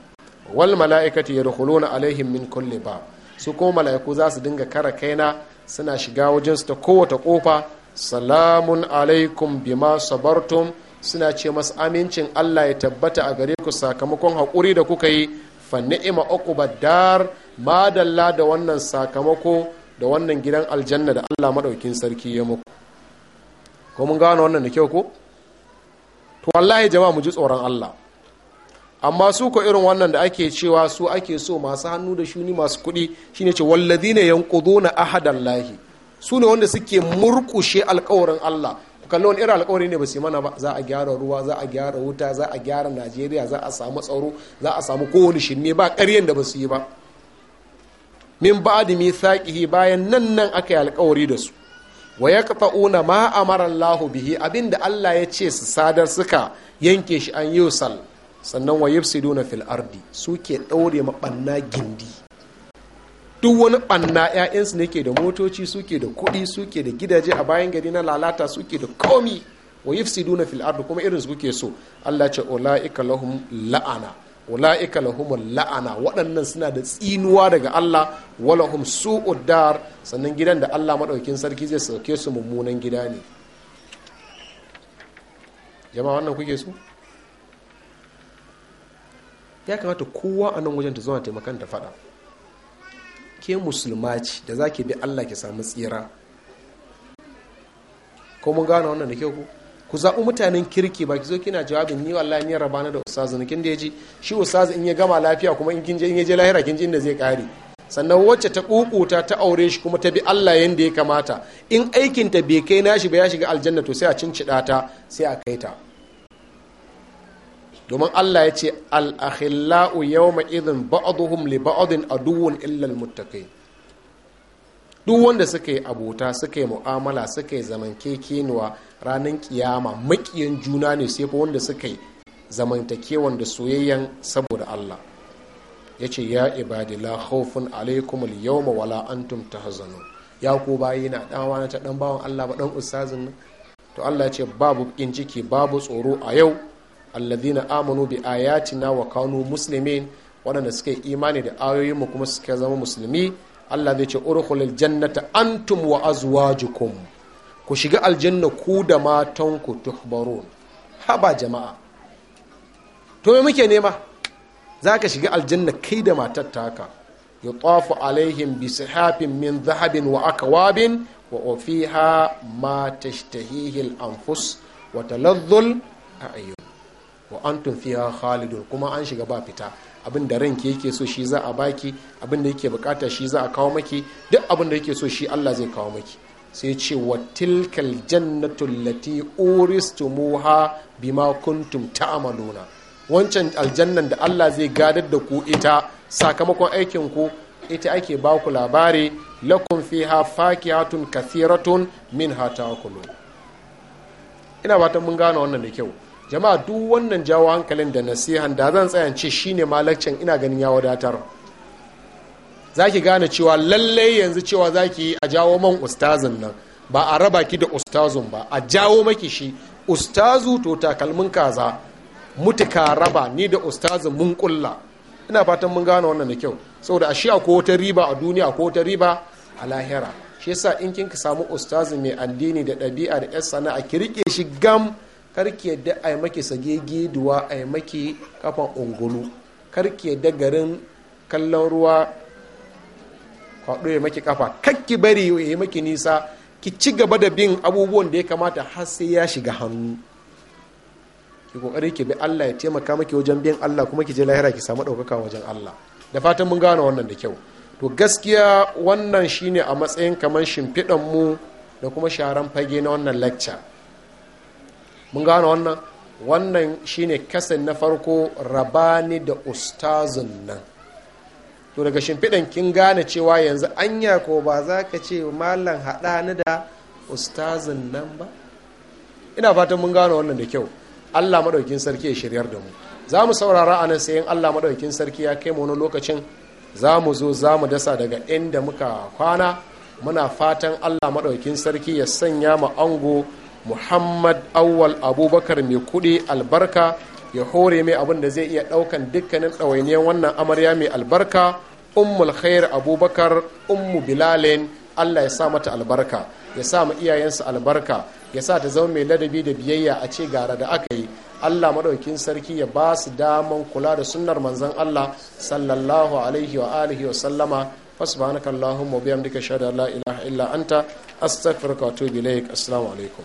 wal mala'ikati yadkhuluna alaihim min kulli ba su kuma mala'iku za su dinga kara kaina suna shiga wajen su ta kowace kofa salamun alaikum bima sabartum suna ce masu amincin Allah ya tabbata a gare ku sakamakon haƙuri da kuka yi fa ni'ima uqbad dar madalla da wannan sakamako da wannan gidan aljanna da Allah madaukin sarki ya muku ko mun gano wannan da kyau ko to wallahi jama'a mu ji tsoron Allah amma su ko irin wannan da ake cewa su ake so masu hannu da shuni masu kuɗi shine ce wallazina yanquduna ahadallahi su ne wanda suke murkushe alkawarin Allah kallon wani irin alkawari ne ba su mana ba za a gyara ruwa za a gyara wuta za a gyara najeriya za a samu tsaro za a samu kowane shirme ba ƙaryen da ba su yi ba min ba da mithaqihi bayan nan nan aka yi alkawari da su wa yaqta'una ma amara Allah bihi abinda Allah ya ce su sadar suka yanke shi an yusal sannan wa yufsiduna fil ardi suke daure mabanna gindi duk wani ɓanna 'ya'yansu ne ke da motoci suke da kuɗi suke da gidaje a bayan gari na lalata suke da komi wa yufsiduna fil ard kuma irin su kuke so Allah ce ola’ika lahum la'ana Ola'ika lahum la'ana waɗannan suna da tsinuwa daga Allah walahum su dar sannan gidan da Allah maɗaukin sarki zai sauke su mummunan gida ne jama'a wannan kuke so ya kamata kowa a nan wajen ta zo taimakon ta faɗa ke musulma ce da za ki bi allah ki samu tsira ko mun gano wannan da kyau ku ku zaɓi mutanen kirki ba ki zo kina jawabin ni wallahi ni rabana da ustazu ne kin da yaji shi ustazu in ya gama lafiya kuma in kin je in ya je lahira kin ji inda zai kare sannan wacce ta kukuta ta aure shi kuma ta bi Allah yanda ya kamata in aikin ta bai kai nashi ba ya shiga aljanna to sai a cincida ta sai a kai ta domin Allah ya ce al yau ma irin ba'dhum li ba'dhin a illa al duk wanda suka yi abota suka yi mu'amala suka yi zamantakewa ranar kiyama maƙiyan juna ne sai fa wanda suka yi zamantakewan da soyayyan saboda Allah ya ce ya ibadi la haufin alaikum yau ma wala antum tahzanun ya ko bayi na dawa na ta dan bawan Allah ba dan ustazin to Allah ya ce babu ƙin ciki babu tsoro a yau alladhina amanu bi ayatina wa kanu muslimin waɗanda suka yi imani da mu kuma suka zama musulmi Allah zai ce urkhulil jannata antum wa azwajukum ku shiga aljanna ku da matanku tuhbarun haba jama'a to me muke nema zaka shiga aljanna kai da matar taka yutafu alaihim bi sihafin min zahabin wa akwabin wa ofiha ma tashtahihi al-anfus wa talazzul a'yun wa antum fiya khalidun kuma an shiga ba fita abin da ranki yake so shi za a baki abin da yake bukata shi za a kawo maki duk abin da yake so shi Allah zai kawo maki sai ce wa tilkal jannatu ha uristumuha bima kuntum ta'maluna wancan aljannan da Allah zai gadar da ku ita sakamakon aikin ku ita ake ba ku labari lakum fiha fakihatun kathiratun minha ta'kulun ina fatan mun gane wannan da kyau jama'a duk wannan jawo hankalin da nasihan da zan tsaya ce shine ma ina ganin ya wadatar zaki gane cewa lallai yanzu cewa zaki yi a jawo man ustazin nan ba a raba ki da ustazun ba a jawo maki shi ustazu to takalmin kaza mutuka raba ni da ustazin mun kulla ina fatan mun gane wannan da kyau saboda a shi a wata riba a duniya ko wata riba a lahira shi yasa in kin samu ustazin mai addini da ɗabi'a da yar sana'a ki rike shi gam karki yadda a yi maki sagege duwa a yi maki kafan ungulu karki yadda garin kallon ruwa kwaɗo ya maki kafa kakki bari ya yi maki nisa ki ci gaba da bin abubuwan da ya kamata har sai ya shiga hannu ki kokari ki bi Allah ya taimaka maki wajen bin Allah kuma ki je lahira ki samu ɗaukaka wajen Allah da fatan mun gane wannan da kyau to gaskiya wannan shine a matsayin kamar shimfiɗan mu da kuma sharan fage na wannan lecture mun gano wannan wannan shine kasan na farko rabani da ustazun nan to daga shimfiɗan kin gane cewa yanzu anya ko ba za ka ce malam haɗani da ustazun nan ba ina fatan mun gano wannan da kyau allah maɗaukin sarki ya shiryar da mu za mu saurara anan nan sai in allah maɗaukin sarki ya kai mu wani lokacin za mu zo za mu dasa daga inda muka kwana muna fatan allah maɗaukin sarki ya sanya mu ango muhammad awwal abubakar mai kuɗi albarka ya hore mai abin da zai iya ɗaukan dukkanin ɗawainiyar wannan amarya mai albarka ummul khair abubakar ummu bilalin allah ya sa mata albarka ya sa ma iyayensa albarka ya sa ta zama mai ladabi da biyayya a ce gara da aka yi allah maɗaukin sarki ya ba su daman kula da sunnar manzon allah sallallahu alaihi wa alihi wa sallama فسبحانك اللهم وبحمدك اشهد ان لا اله الا انت استغفرك واتوب اليك السلام عليكم